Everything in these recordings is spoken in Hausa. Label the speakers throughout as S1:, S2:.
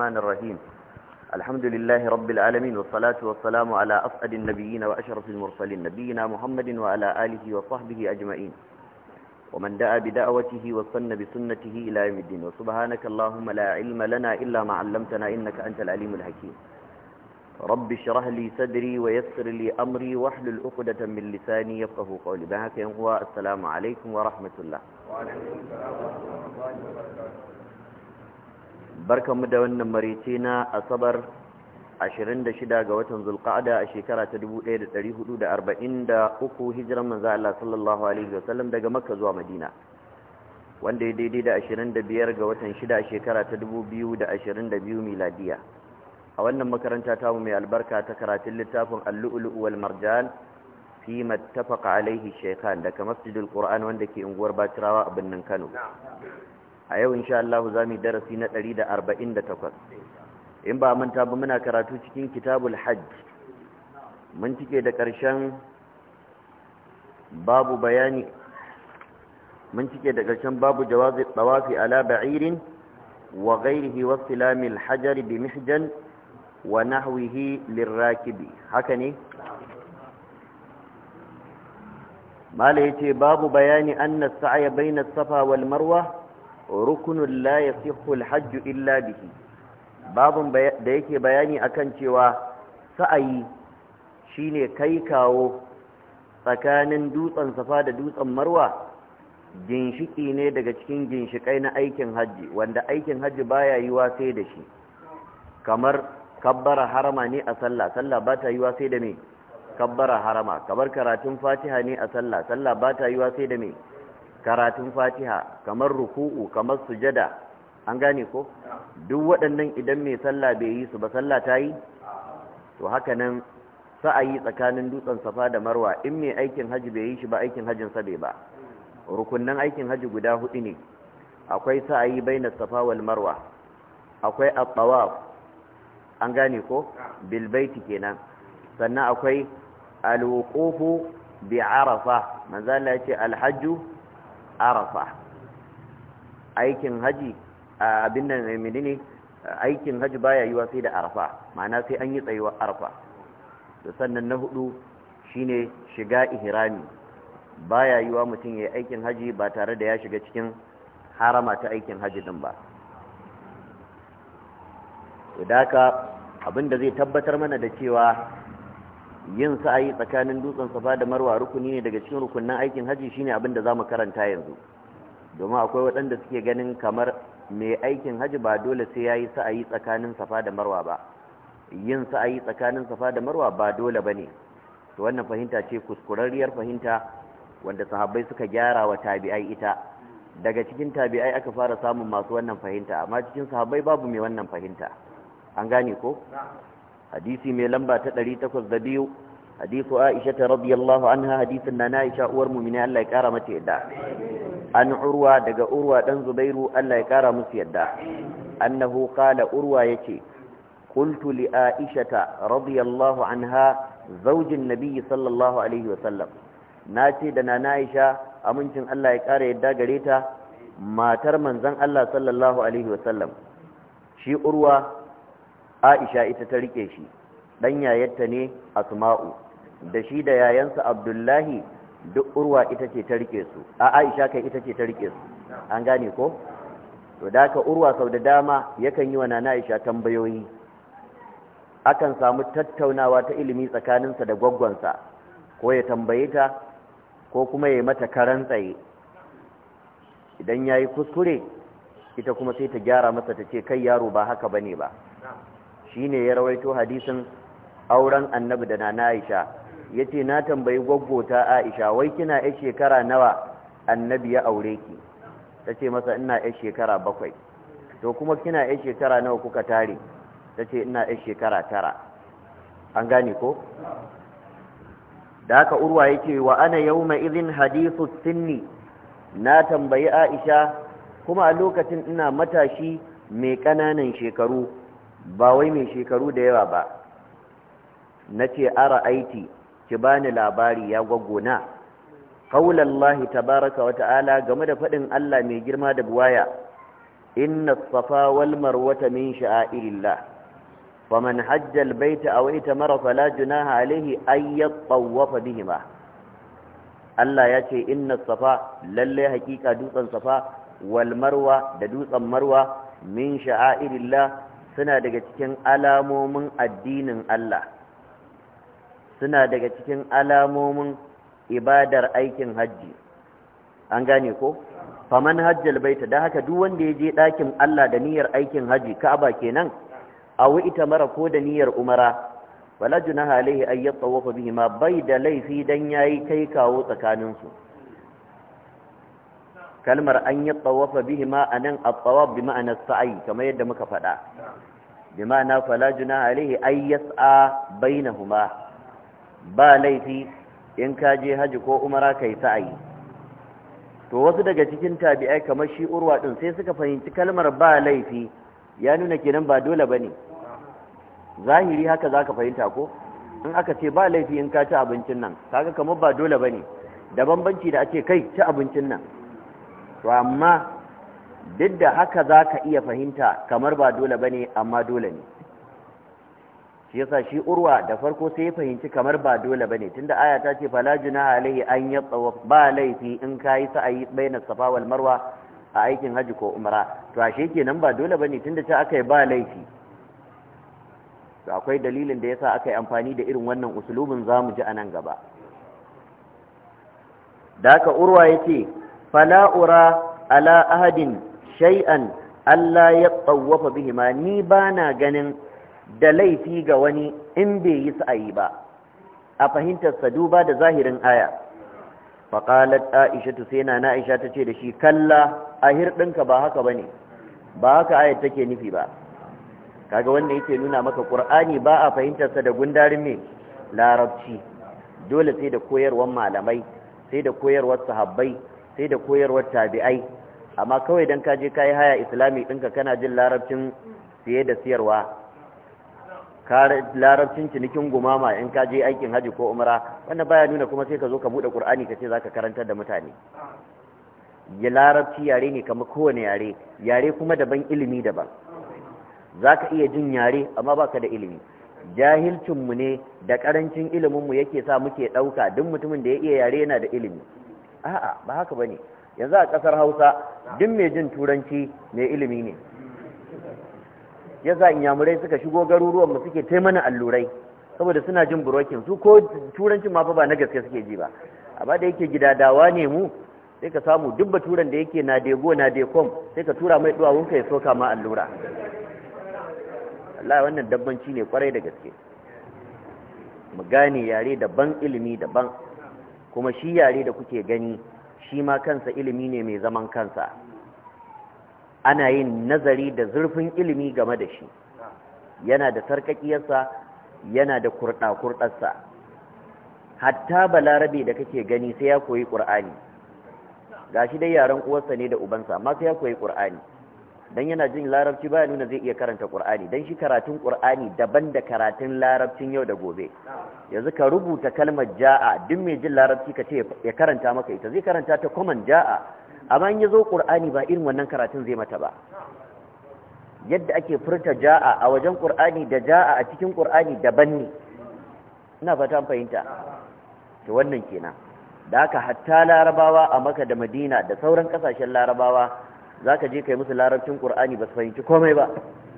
S1: الرحمن الرحيم الحمد لله رب العالمين والصلاة والسلام على أسعد النبيين وأشرف المرسلين نبينا محمد وعلى آله وصحبه أجمعين ومن دعا بدعوته وصن بسنته إلى يوم الدين وسبحانك اللهم لا علم لنا إلا ما علمتنا إنك أنت العليم الحكيم رب اشرح لي صدري ويسر لي أمري واحلل عقدة من لساني يفقه قولي بهاك هو السلام عليكم ورحمة الله
S2: وعليكم السلام ورحمة الله وبركاته
S1: barkanmu da wannan marice na asabar 26 ga watan zulqa'ada a shekara ta 1443 hijiran manzo Allah sallallahu alaihi wasallam daga makka zuwa madina wanda ya daidai da 25 ga watan 6 a shekara ta 2022 miladiya a wannan makaranta ta mu mai albarka ta karatun littafin al-lu'lu' wal marjan fi mattafaqa alaihi shaykhan daga masjidul qur'an wanda ke unguwar Bacirawa a birnin Kano a yau insha Allah za mu darasi na 148 in ba manta ba muna karatu cikin kitabul hajj mun cike da ƙarshen babu bayani mun cike da ƙarshen babu jawazi tawafi ala ba'irin wa ghairihi wa silamil hajar bi mihjan wa nahwihi lirakibi haka ne mala yace babu bayani anna as-sa'ya bayna as-safa wal marwa rukunun la yasihhu alhajj illa bihi babun da yake bayani akan cewa sa'ayi shine kai kawo tsakanin dutsen safa da dutsen marwa ginshiki ne daga cikin ginshikai na aikin hajji wanda aikin hajji baya yiwa sai da shi kamar kabbara harama ne a sallah sallah ba ta yiwa sai da me kabbara harama kamar karatun fatiha ne a sallah sallah ba ta yiwa sai da me karatun fatiha kamar ruku'u kamar sujada an gane ko duk waɗannan idan mai sallah bai yi su ba sallah ta yi to haka nan sa'ayi tsakanin dutsen safa da marwa in mai aikin haji bai yi shi ba aikin hajin sa bai ba rukunnan aikin haji guda hudu ne akwai sa'ayi baina safa wal marwa akwai at-tawaf an gane ko bil baiti kenan sannan akwai al-wuqufu bi arafa manzo Allah ya al-hajju arafa aikin haji abin nan ne? aikin haji baya yiwa sai da arafa ma'ana sai an yi tsayuwar arafa to sannan na hudu shine shiga ihrami baya yiwa mutum ya yi aikin haji ba tare da ya shiga cikin harama ta aikin haji din ba to da haka abinda zai tabbatar mana da cewa yin sa'ayi tsakanin dutsen safa da marwa rukuni ne daga cikin rukunin aikin haji shine abin da zamu karanta yanzu domin akwai waɗanda suke ganin kamar mai aikin haji ba dole sai yayi sa'ayi tsakanin safa da marwa ba yin sa'ayi tsakanin safa da marwa ba dole bane to wannan fahimta ce kuskurarriyar fahimta wanda sahabbai suka gyara wa tabi'ai ita daga cikin tabi'ai aka fara samun masu wannan fahimta amma cikin sahabbai babu mai wannan fahimta an gane ko hadisi mai lamba ta 802 hadisu Aisha radiyallahu anha hadisin na Aisha uwar mu'mini Allah ya kara mata yadda an urwa daga urwa dan Zubairu Allah ya kara musu yadda annahu qala urwa yace qultu li Aisha radiyallahu anha zaujin nabiyyi sallallahu alaihi wasallam nace da na Aisha amincin Allah ya kara yadda gare ta matar manzon Allah sallallahu alaihi wasallam shi urwa aisha ita ta rike shi dan yayarta ne asma'u da shi da yayansa abdullahi duk urwa ita ce ta rike su a aisha kai ita ce ta rike su an gane ko to da ka urwa sau da dama yakan yi wa nana aisha tambayoyi akan samu tattaunawa ta ilimi tsakaninsa da sa ko ya tambaye ta ko kuma ya mata karan tsaye idan ya yi kuskure ita kuma sai ta gyara masa ta ce kai yaro ba haka bane ba shine ya rawaito hadisin auren annabi da nana Aisha yace na tambayi gwaggota Aisha wai kina yar shekara nawa annabi ya aure ki tace masa ina yar shekara bakwai to kuma kina yar shekara nawa kuka tare tace ina yar shekara tara an gane ko da haka urwa yake wa ana yawma idhin hadithu sinni na tambayi Aisha kuma a lokacin ina matashi mai ƙananan shekaru ba wai mai shekaru da yawa ba na ce ara aiti ki bani labari ya gwaggona qaulallahi tabaraka wa ta'ala game da faɗin Allah mai girma da buwaya inna safa wal marwata min sha'airillah faman hajja albayta aw itamara fala junaha alayhi ay yatawwafa bihima Allah ya ce inna safa lalle hakika dutsen safa wal marwa da dutsen marwa min sha'airillah suna daga cikin alamomin addinin Allah suna daga cikin alamomin ibadar aikin hajji an gane ko faman hajjal baita da haka duk wanda ya je ɗakin Allah da niyyar aikin hajji ka'aba kenan A ita mara ko da niyyar umara wala junaha alaihi ay yatawafa bihi ma bai da laifi dan yayi kai kawo tsakanin su kalmar an yatawafa bihi ma anan at-tawaf bi ma'ana sa'i kamar yadda muka faɗa بما fala junaha alaihi ay baina huma. ba laifi in ka je haji ko umara kai sa'ayi to wasu daga cikin tabi'ai kamar shi urwa din sai suka fahimci kalmar ba laifi ya nuna kenan ba dole bane zahiri haka zaka fahimta ko in aka ce ba laifi in ka ci abincin nan kaga kamar ba dole bane da bambanci da ake kai ci abincin nan to amma duk da haka za ka iya fahimta kamar ba dole ba ne amma dole ne shi yasa shi urwa da farko sai ya fahimci kamar ba dole ba ne tunda aya ta ce fala junaha alaihi an ya ba laifi in ka yi sa'ayi baina safa wal marwa a aikin hajji ko umra to ashe kenan ba dole ba ne tunda ta aka yi ba laifi to akwai dalilin da yasa aka yi amfani da irin wannan usulubin za mu ji a nan gaba da haka urwa ya ce fala ura ala ahadin shay'an Allah ya tsawwafa ma ni ba na ganin da laifi ga wani in bai yi sa'ayi ba a fahimtarsa duba da zahirin aya faƙalar aisha tu sai na aisha ta ce da shi kalla ahir hirɗinka ba haka ba ba haka ayat take nufi ba kaga wanda yake nuna maka ƙur'ani ba a fahimtar sa da gundarin mai larabci dole sai da koyarwar malamai sai da koyarwar sahabbai sai da koyarwar tabi'ai amma kawai don ka je kayi haya islami ɗinka kana jin larabcin siye da siyarwa larabcin cinikin gumama in ka je aikin haji ko umara wannan baya nuna kuma sai ka zo ka buɗe ƙur'ani ka ce za ka karantar da mutane ya larabci yare ne kamar kowane yare yare kuma daban ilimi daban za ka iya jin yare amma ba ka da ilimi jahilcinmu ne da ƙarancin iliminmu yake sa muke ɗauka duk mutumin da ya iya yare yana da ilimi a'a ba haka ba ne. yanzu a ƙasar hausa duk mai jin turanci mai ilimi ne ya inyamurai suka shigo garuruwanmu suke taimana allurai saboda suna jin burokin su ko turancin ma fa ba na gaske suke ji ba amma da yake gida dawa ne mu sai ka samu duk baturan da yake na dego na dekom sai ka tura mai ka ya soka ma allura Allah wannan dabbanci ne kwarai da gaske mu gane yare daban ilimi daban kuma shi yare da kuke gani shi ma kansa ilimi ne mai zaman kansa ana yin nazari da zurfin ilimi game da shi yana da sarkakiyarsa yana da kurɗa-kurɗarsa hatta balarabe da kake gani sai ya koyi ƙur'ani ga shi dai yaren uwarsa ne da ubansa masu sai ya koyi ƙur'ani dan yana jin larabci baya nuna zai iya karanta qur'ani dan shi karatun qur'ani daban da karatun larabcin yau da gobe yanzu ka rubuta kalmar jaa duk mai jin larabci ka ce ya karanta maka ita zai karanta ta common jaa amma in yazo qur'ani ba irin wannan karatun zai mata ba yadda ake furta jaa a wajen qur'ani da jaa a cikin qur'ani daban ne ina fata an fahimta to wannan kenan da aka hatta larabawa a maka da madina da sauran kasashen larabawa za ka je ka yi musu larabcin ƙur'ani ba su fahimci komai ba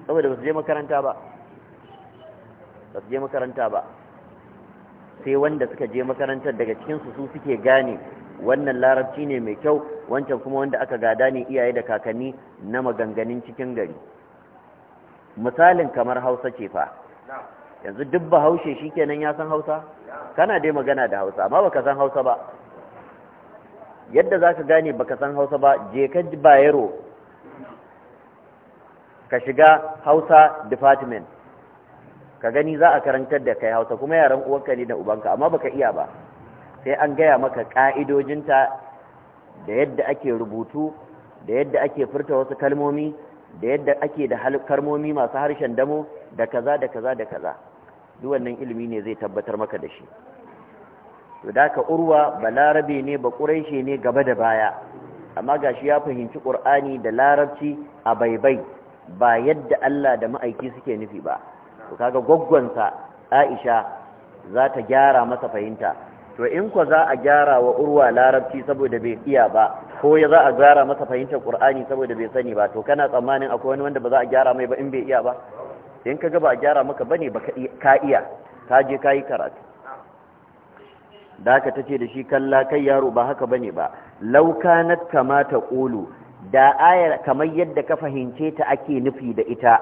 S1: saboda ba su je makaranta ba ba su je makaranta ba sai wanda suka je makarantar daga cikinsu su suke gane wannan larabci ne mai kyau wancan kuma wanda aka gada ne iyaye da kakanni na maganganun cikin gari misalin kamar hausa ce fa yanzu duk bahaushe kenan ya san hausa kana dai magana da hausa amma baka san hausa ba yadda za ka gane baka san hausa ba je ka bayero ka shiga hausa department ka gani za a karantar da kai hausa kuma yaran uwanka ne da ubanka amma baka iya ba sai an gaya maka ka'idojinta da yadda ake rubutu da yadda ake furta wasu kalmomi da yadda ake da kalmomi masu harshen damo da kaza da kaza da kaza duk wannan ilimi ne zai tabbatar maka da shi to da ka urwa Larabe ne ba ƙuraishe ne gaba da baya amma gashi ya fahimci ƙur'ani da larabci a baibai ba yadda Allah da ma'aiki suke nufi ba to kaga gwaggwansa Aisha za ta gyara masa fahimta to in ko za a gyara wa urwa larabci saboda bai iya ba ko ya za a gyara masa fahimtar Qur'ani saboda bai sani ba to kana tsammanin akwai wani wanda ba za a gyara mai ba in bai iya ba in kaga ba a gyara maka bane ba ka iya ka je kayi karatu da aka tace da shi kalla kai yaro ba haka bane ba lauka kanat kama taqulu da aya kamar yadda ka fahimce ta ake nufi da ita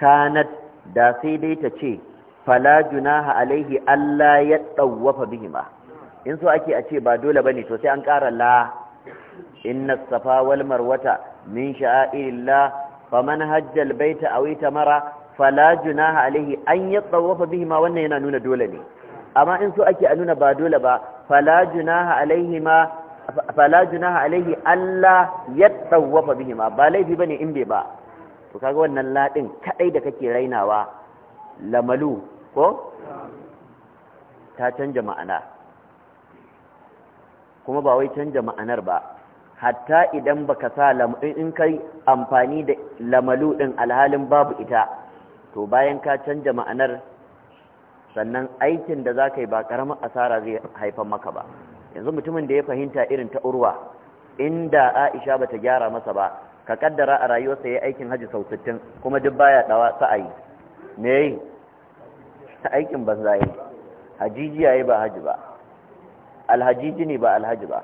S1: kanat da sai dai ta ce fala junaha alaihi alla ya tawwafa bihima in so ake a ce ba dole bane to sai an ƙara la inna safa wal marwata min sha'airillah faman hajja al baita aw itamara fala junaha alaihi an yatawafa bihima wannan yana nuna dole ne amma in so ake a nuna ba dole ba fala junaha alaihi ma fala junaha alaihi Allah ya bihi ma ba laifi bane in bai ba to kaga wannan ladin kadai da kake rainawa lamalu ko ta canja ma'ana kuma ba wai canja ma'anar ba hatta idan baka sa in kai amfani da lamalu din alhalin babu ita to bayan ka canja ma'anar sannan aikin da za ka yi ba ƙaramin asara zai haifar maka ba yanzu mutumin da ya fahimta irin ta urwa inda aisha ba ta gyara masa ba ka kaddara a rayuwarsa ya aikin hajji sau sittin kuma duk baya dawa sa'ayi me yi ta aikin banza yi hajiji yayi ba haji ba alhajiji ne ba alhaji ba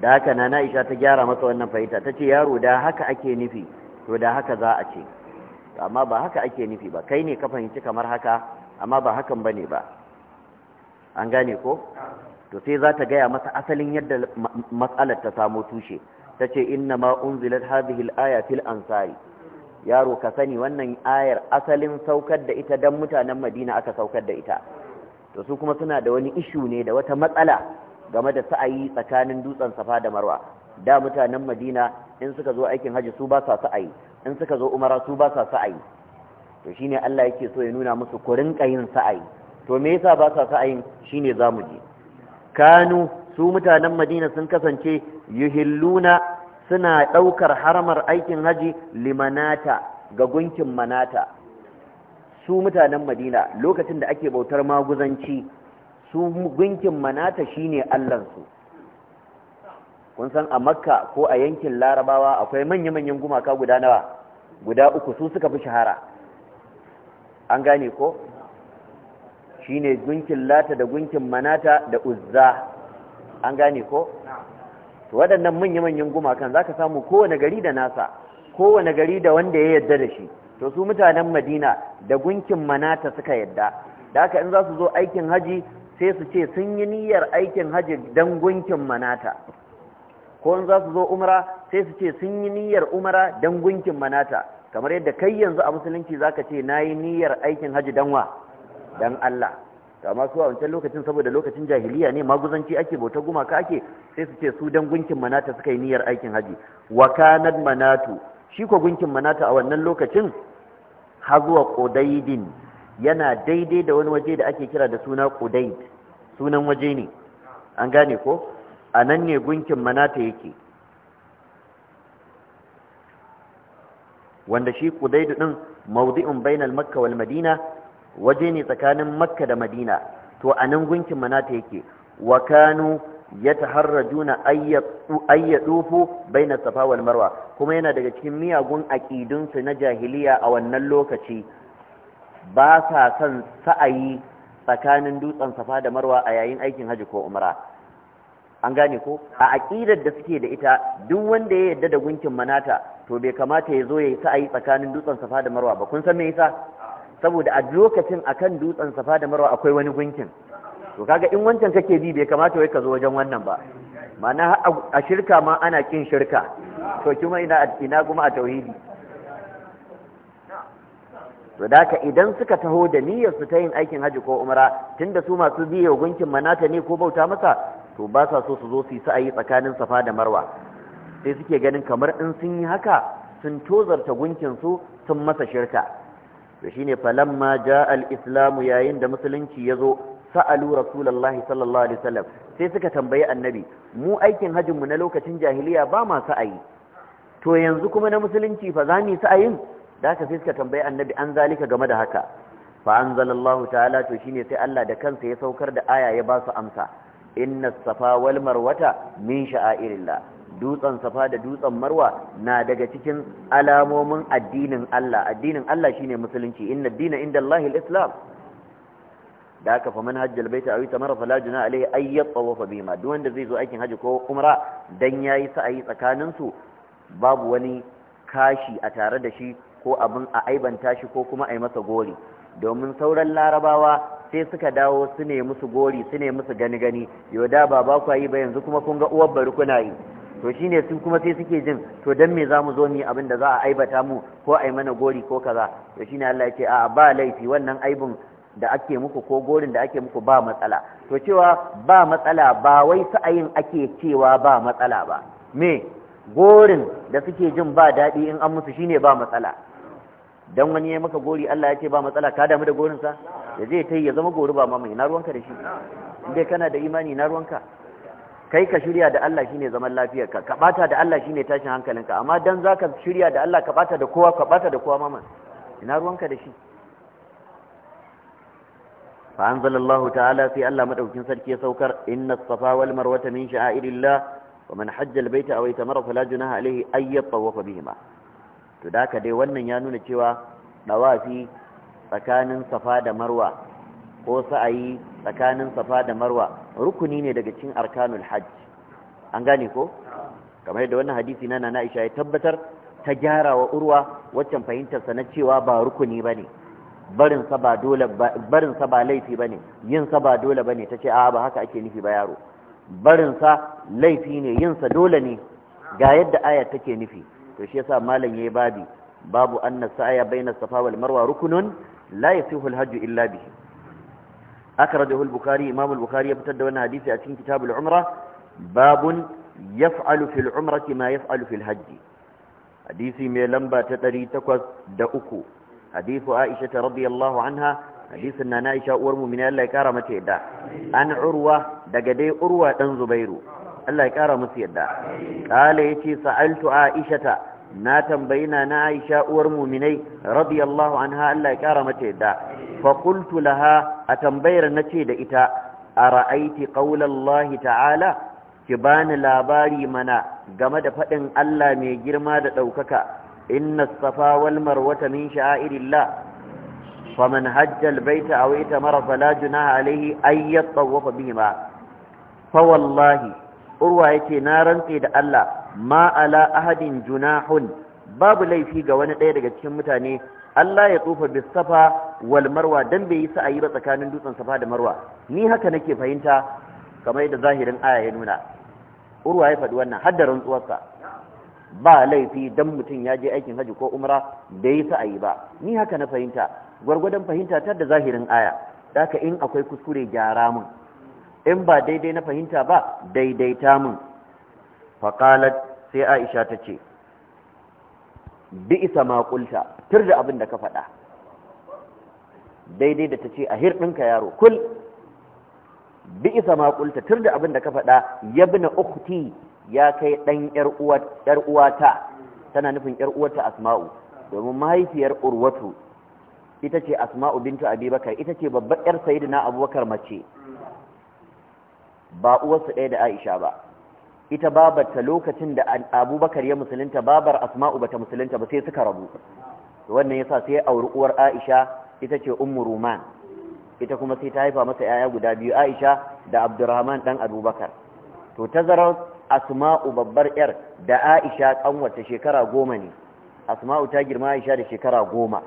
S1: da haka na Aisha ta gyara masa wannan fahimta ta ce yaro da haka ake nufi to da haka za a ce amma ba haka ake nufi ba kai ne ka fahimci kamar haka amma ba hakan bane ba an gane ko to sai za ta gaya masa asalin yadda matsalar ta samo tushe ta ce inna ma unzilat hadhihi al-aya fil ansari yaro ka sani wannan ayar asalin saukar da ita dan mutanen Madina aka saukar da ita to su kuma suna da wani ishu ne da wata matsala game da sa'ayi tsakanin dutsen Safa da Marwa da mutanen madina in suka zo aikin hajji su ba sa sa'ayi in suka zo umara su ba sa sa'ayi to shine Allah yake so ya nuna musu ku rinka yin sa'ayi to me yasa ba sa sa'ayin shine zamu je kanu su mutanen madina sun kasance yuhilluna suna daukar haramar aikin haji limanata ga gunkin manata su mutanen madina lokacin da ake bautar maguzanci su gunkin manata shine allansu su kun san a makka ko a yankin larabawa akwai manya-manyan gumaka guda nawa guda uku su suka fi shahara an gane ko shine gunkin lata da gunkin manata da uzza an gane ko to waɗannan manya-manyan gumakan zaka samu kowane gari da nasa kowane gari da wanda ya yadda da shi to su mutanen madina da gunkin manata suka yadda da haka in za su zo aikin haji sai su ce sun yi niyyar aikin haji don gunkin manata ko in za su zo umara sai su ce sun yi niyyar umara don gunkin manata kamar yadda kai yanzu a musulunci za ka ce na yi niyyar aikin haji danwa don Allah ta su a wancan lokacin saboda lokacin jahiliya ne maguzanci ake bauta gumaka ake sai su ce su don gunkin manata suka yi niyyar aikin haji wa manatu shi ko gunkin manata a wannan lokacin hazuwa kodaidin yana daidai da wani waje da ake kira da suna kodaid sunan waje ne an gane ko a nan ne gunkin manata yake wanda shi kudaidu din mawdi'un bainal makka wal madina waje ne tsakanin makka da madina to a nan gunkin manata yake wa kanu yataharrajuna ayyadufu baina safa wal marwa kuma yana daga cikin miyagun aqidun na jahiliya a wannan lokaci ba sa son sa'ayi tsakanin dutsen safa da marwa a yayin aikin hajji ko umra an gane ko a aƙidar da suke da ita duk wanda ya yarda da gunkin manata to bai kamata ya zo ya sa ayi tsakanin dutsen safa da marwa ba kun san me yasa saboda a lokacin akan dutsen safa da marwa akwai wani gunkin to kaga in wancan kake bi bai kamata wai ka zo wajen wannan ba ma'ana a shirka ma ana kin shirka to kuma ina ina kuma a tauhidi sadaka idan suka taho da niyyar su ta yin aikin haji ko umra tunda su masu biye gunkin manata ne ko bauta masa to ba sa so su zo su yi sa'ayi tsakanin safa da marwa sai suke ganin kamar in sun yi haka sun tozarta gunkin su sun masa shirka to shine falamma ja al-islamu yayin da musulunci ya zo sa'alu rasulullahi sallallahu alaihi wasallam sai suka tambayi annabi mu aikin hajjin mu na lokacin jahiliya ba ma sa'ayi to yanzu kuma na musulunci fa za mu sa'ayin da haka sai suka tambayi annabi an zalika game da haka fa anzalallahu ta'ala to shine sai Allah da kansa ya saukar da aya ya ba su amsa inna safa wal marwata min sha'airillah dutsen safa da dutsen marwa na daga cikin alamomin addinin Allah addinin Allah shine musulunci inna dina inda Allahil islam da aka fa man hajjal baita awi tamara fala juna alaihi ay tawafa bima duk wanda zai zo aikin haji ko umra dan yayi ayi tsakanin su babu wani kashi a tare da shi ko abin a aibanta shi ko kuma a yi masa gori domin sauran larabawa sai suka dawo su ne musu gori su ne musu gani gani yau da ba ba ku yi ba yanzu kuma kun ga uwar bari kuna yi to shine su kuma sai suke jin to don me za mu zo mu abin da za a aibata mu ko a yi mana gori ko kaza to shi ne Allah ya ce a ba laifi wannan aibin da ake muku ko gorin da ake muku ba matsala to cewa ba matsala ba wai sa'ayin ake cewa ba matsala ba me gorin da suke jin ba daɗi in an musu shine ba matsala dan wani ya maka gori Allah ya ce ba matsala ka damu da gorinsa ya zai ta yi ya zama gori ba ma mai na ruwanka da shi dai kana da imani na ruwanka kai ka shirya da Allah shine zaman lafiyarka ka bata da Allah shine tashin hankalinka amma dan ka shirya da Allah ka bata da kowa ka bata da kowa mama ina ruwanka da shi fa anzalallahu ta'ala sai Allah madaukin sarki ya saukar inna safa wal marwa min sha'airillah wa man hajja al-baita aw itamara fala junaha alayhi ay yatawafa bihima to da ka dai wannan ya nuna cewa ɗawafi tsakanin safa da marwa ko sa'ayi tsakanin safa da marwa rukuni ne daga cikin arkanul hajj an gane ko kamar yadda wannan hadisi na nana Aisha ya tabbatar ta gyara wa urwa waccan fahimtar sa na cewa ba rukuni bane barin sa ba dole barin ba laifi bane yin sa ba dole bane tace a ba haka ake nufi ba yaro barin laifi ne yinsa dole ne ga yadda aya take nufi to shi yasa malam yayi babi babu anna sa'ya baina safa wal marwa rukunun la yasihu al hajj illa bihi akhrajahu al bukhari imam al bukhari ya fitar da wannan hadisi a cikin kitab al umra babun yaf'alu fil umrati ma yaf'alu fil hajj hadisi mai lamba ta 803 hadithu aisha radiyallahu anha hadisin na aisha uwar mu'mina Allah ya kara mata yadda an urwa daga dai urwa dan zubairu Allah ya kara musu yadda qala yace sa'altu aishata na tambayi na aisha uwar muminai radiyallahu anha Allah ya kara mata yadda fa qultu laha a tambayar nace da ita ara'aiti qawla Allah ta'ala ki bani labari mana game da fadin Allah mai girma da ɗaukaka. inna safa wal marwata min sha'irillah a waita mara fala ائتمر فلا جناح عليه bihi يطوف Fa فوالله urwa yake na rantse da Allah ma ala ahadin junahun babu laifi ga wani ɗaya daga cikin mutane Allah ya tsufa bis safa wal marwa dan bai yi sa'ayi ba tsakanin dutsen safa da marwa ni haka nake fahimta kamar yadda zahirin aya ya nuna urwa ya faɗi wannan har da rantsuwarsa ba laifi dan mutum ya je aikin haji ko umra bai yi sa'ayi ba ni haka na fahimta gwargwadon fahimta ta da zahirin aya daka in akwai kuskure gyara mun in ba daidai na fahimta ba daidaita mun faƙalat sai aisha ta ce Bi isa maƙulta tur da abin da ka faɗa daidai da ta ce a hirɗinka yaro kul Bi isa maƙulta tur da abin da ka faɗa ya bi ukti ya kai ɗan ‘yar uwata tana nufin ‘yar uwata asma'u domin mahaifiyar urwatu ita ce asma'u bintu abubakar ita ce babbar ‘yar saidina abubakar mace ba uwarsu ɗaya da Aisha ba ita babarta lokacin da Abubakar ya musulunta babar Asma'u bata musulunta ba sai suka rabu wannan yasa sai ya auri uwar Aisha ita ce Ummu Ruman ita kuma sai ta haifa masa yaya guda biyu Aisha da Abdurrahman dan Abubakar to tazarar Asma'u babbar yar da Aisha kanwarta shekara goma ne Asma'u ta girma Aisha da shekara goma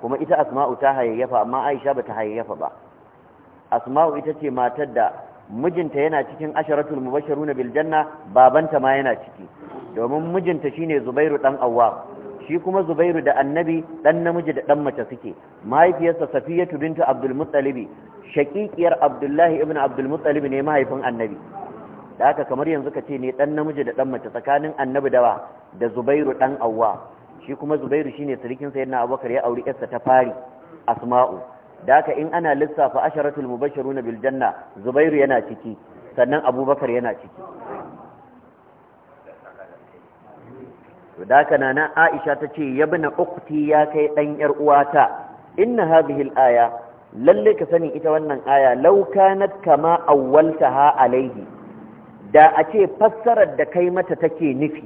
S1: kuma ita Asma'u ta hayayyafa amma Aisha bata hayayyafa ba Asma'u ita ce matar da mijinta yana cikin asharatul mubashiruna bil janna babanta ma yana ciki domin mijinta shine Zubairu dan awwa shi kuma Zubairu da Annabi dan namiji da dan mace suke mahaifiyarsa Safiyatu bintu Abdul muttalibi shaqiqiyar Abdullahi ibnu Abdul Muttalib ne mahaifin Annabi da haka kamar yanzu ka ce ne dan namiji da dan mace tsakanin Annabi da da Zubairu dan awwa shi kuma Zubairu shine sirikinsa sayyidina Abubakar ya auri yarsa ta fari Asma'u da haka in ana lissafa asharatul mubashiruna bil biljanna, zubairu yana ciki sannan abubakar yana ciki da haka nana aisha ta ce yabna ukti ya kai dan yar uwata inna hadhihi aya lalle ka sani ita wannan aya Lauka kanat kama awwaltaha alaihi da a ce fassarar da kai mata take nufi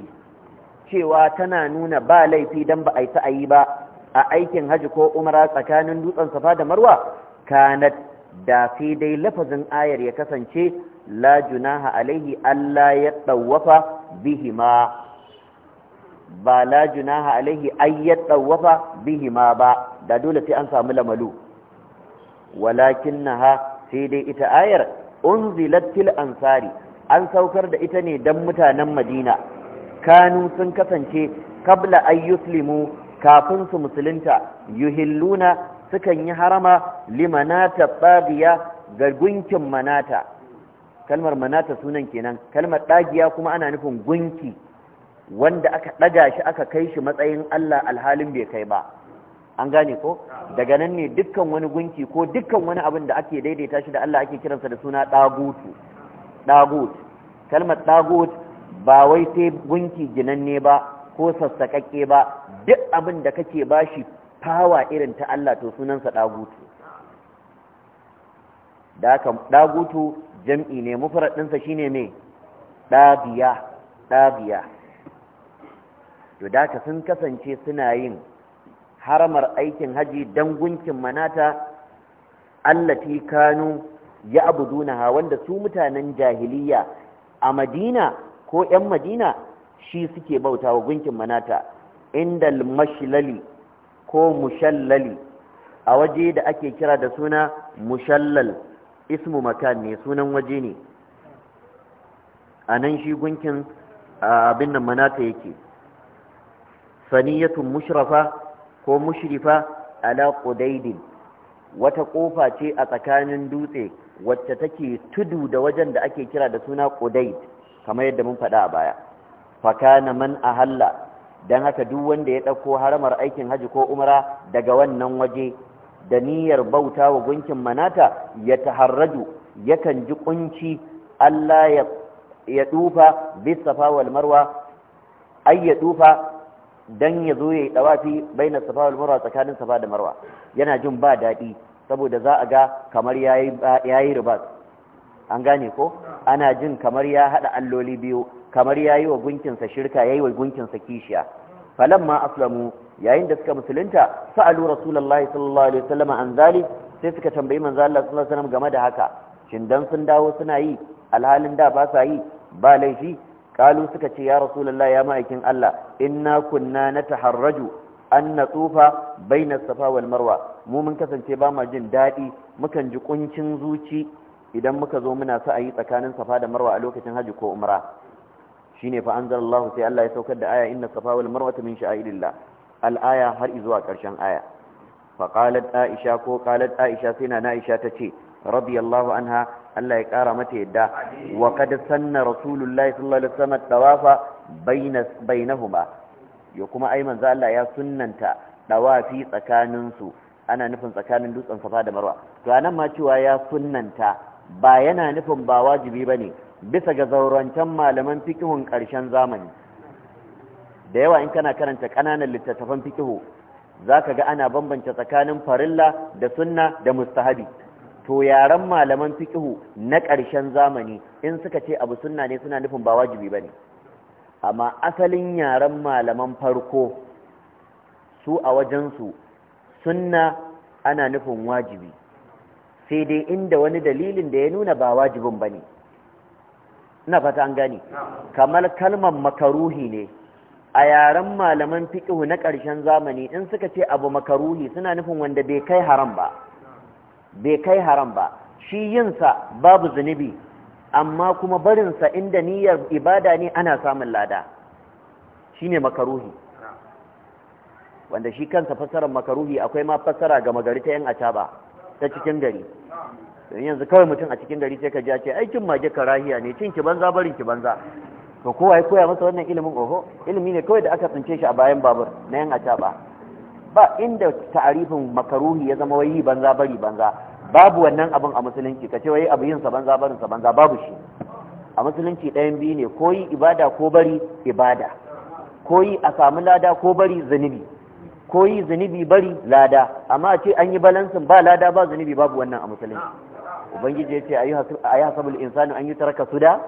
S1: cewa tana nuna ba laifi dan ba a yi ba a aikin haji ko umara tsakanin dutsen safa da marwa kanat da sai dai lafazin ayar ya kasance la junaha alaihi Allah ya tsawafa bihima ba la junaha alaihi ay ya tsawafa bihima ba da dole sai an samu lamalu walakinnaha sai dai ita ayar unzilat til ansari an saukar da ita ne dan mutanen Madina kanu sun kasance kabla ay yuslimu kafin su musulunta yuhilluna sukan yi harama limanata tsabiya ga gunkin manata kalmar manata sunan kenan kalmar ɗagiya kuma ana nufin gunki wanda aka ɗaga shi aka kai shi matsayin Allah alhalin bai kai ba an gane ko daga nan ne dukkan wani gunki ko dukkan wani abin da ake daidaita shi da Allah ake kiransa da suna ɗagutu dagut kalmar ɗagut ba wai sai gunki ginanne ba ko sassaƙaƙƙe ba duk abin da kake bashi fawa irin ta Allah to sunansa ɗagutu. da jam'i ne mufrad shine mai dabiya dabiya to daka sun kasance suna yin haramar aikin haji dan gunkin manata allati kanu ya abudunaha wanda su mutanen jahiliya a madina ko 'yan madina shi suke bautawa gunkin manata inda mashilali ko mushallali a waje da ake kira da suna mushallal ismu makan ne sunan waje ne a nan shi gunkin abin nan manaka yake saniyatun mushrafa ko mushrifa ala qudaydin wata kofa ce a tsakanin dutse wacce take tudu da wajen da ake kira da suna qudayd kamar yadda mun faɗa a baya fakana man ahalla don haka duk wanda ya ɗauko haramar aikin haji ko umra daga wannan waje da niyyar bauta wa gunkin manata ya taharraju yakan ji kunci Allah ya dufa bisafa wal marwa ai ya dufa dan ya zo ya yi dawafi baina safa wal marwa tsakanin safa da marwa yana jin ba daɗi saboda za a ga kamar yayi yayi ribas an gane ko ana jin kamar ya hada alloli biyu kamar ya yi wa gunkinsa shirka ya yi wa gunkinsa kishiya ma aslamu yayin da suka musulunta sa'alu rasulallah sallallahu alaihi wasallam an zalik sai suka tambayi manzo Allah sallallahu alaihi wasallam game da haka shin dan sun dawo suna yi alhalin da ba sa yi ba laifi kalu suka ce ya rasulullahi ya ma'aikin Allah inna kunna nataharraju an natsufa baina safa wal marwa mu mun kasance ba ma jin dadi mukan ji kuncin zuci idan muka zo muna sa ayi tsakanin safa da marwa a lokacin haji ko umra shine fa anzalallahu sai Allah ya saukar da aya inna safa wal marwa min sha'irillah al aya har zuwa karshen aya fa qalat aisha ko qalat aisha sai na aisha ce radiyallahu anha Allah ya kara mata yadda wa kad sanna rasulullahi sallallahu alaihi wasallam tawafa baina bainahuma yo kuma ai manzo Allah ya sunnanta dawafi tsakanin su ana nufin tsakanin dutsen safa da marwa to anan ma cewa ya sunnanta ba yana nufin ba wajibi ba ne bisa ga zaurancen malaman fikihun ƙarshen zamani da yawa in kana karanta ƙananan littattafan fikihu za ka ga ana bambance tsakanin farilla da sunna da mustahabi to yaren malaman fikihu na ƙarshen zamani in suka ce abu sunna ne suna nufin ba wajibi ba ne amma asalin yaren malaman farko su a wajensu sunna ana nufin wajibi sai dai inda wani dalilin da ya nuna ba wajibin ba ne na fata an gani kamar kalmar makaruhi ne a yaren malaman fiƙihu na ƙarshen zamani in suka ce abu makaruhi suna nufin wanda bai kai haram ba bai kai haram ba shi yinsa babu zunubi amma kuma barinsa inda niyyar ibada ne ana samun lada ne makaruhi wanda shi kansa fassarar makaruhi akwai ma fasara ga magari ta yan acaba ta cikin gari don yanzu kawai mutum a cikin gari sai ka ji a ce aikin mage karahiya ne cin ki banza barin ki banza to kowa ya koya masa wannan ilimin oho ilimi ne kawai da aka tsince shi a bayan babur na yan acaba ba inda ta'arifin makaruhi ya zama wai banza bari banza babu wannan abin a musulunci ka ce wayi abu yin sa banza barin sa banza babu shi a musulunci ɗayan biyu ne koyi ibada ko bari ibada koyi a samu lada ko bari zunubi Koyi yi zunubi bari lada amma a ce an yi balansin ba lada ba zunubi babu wannan a musulunci ubangiji ya ce a yi hasabul insani an yi taraka da.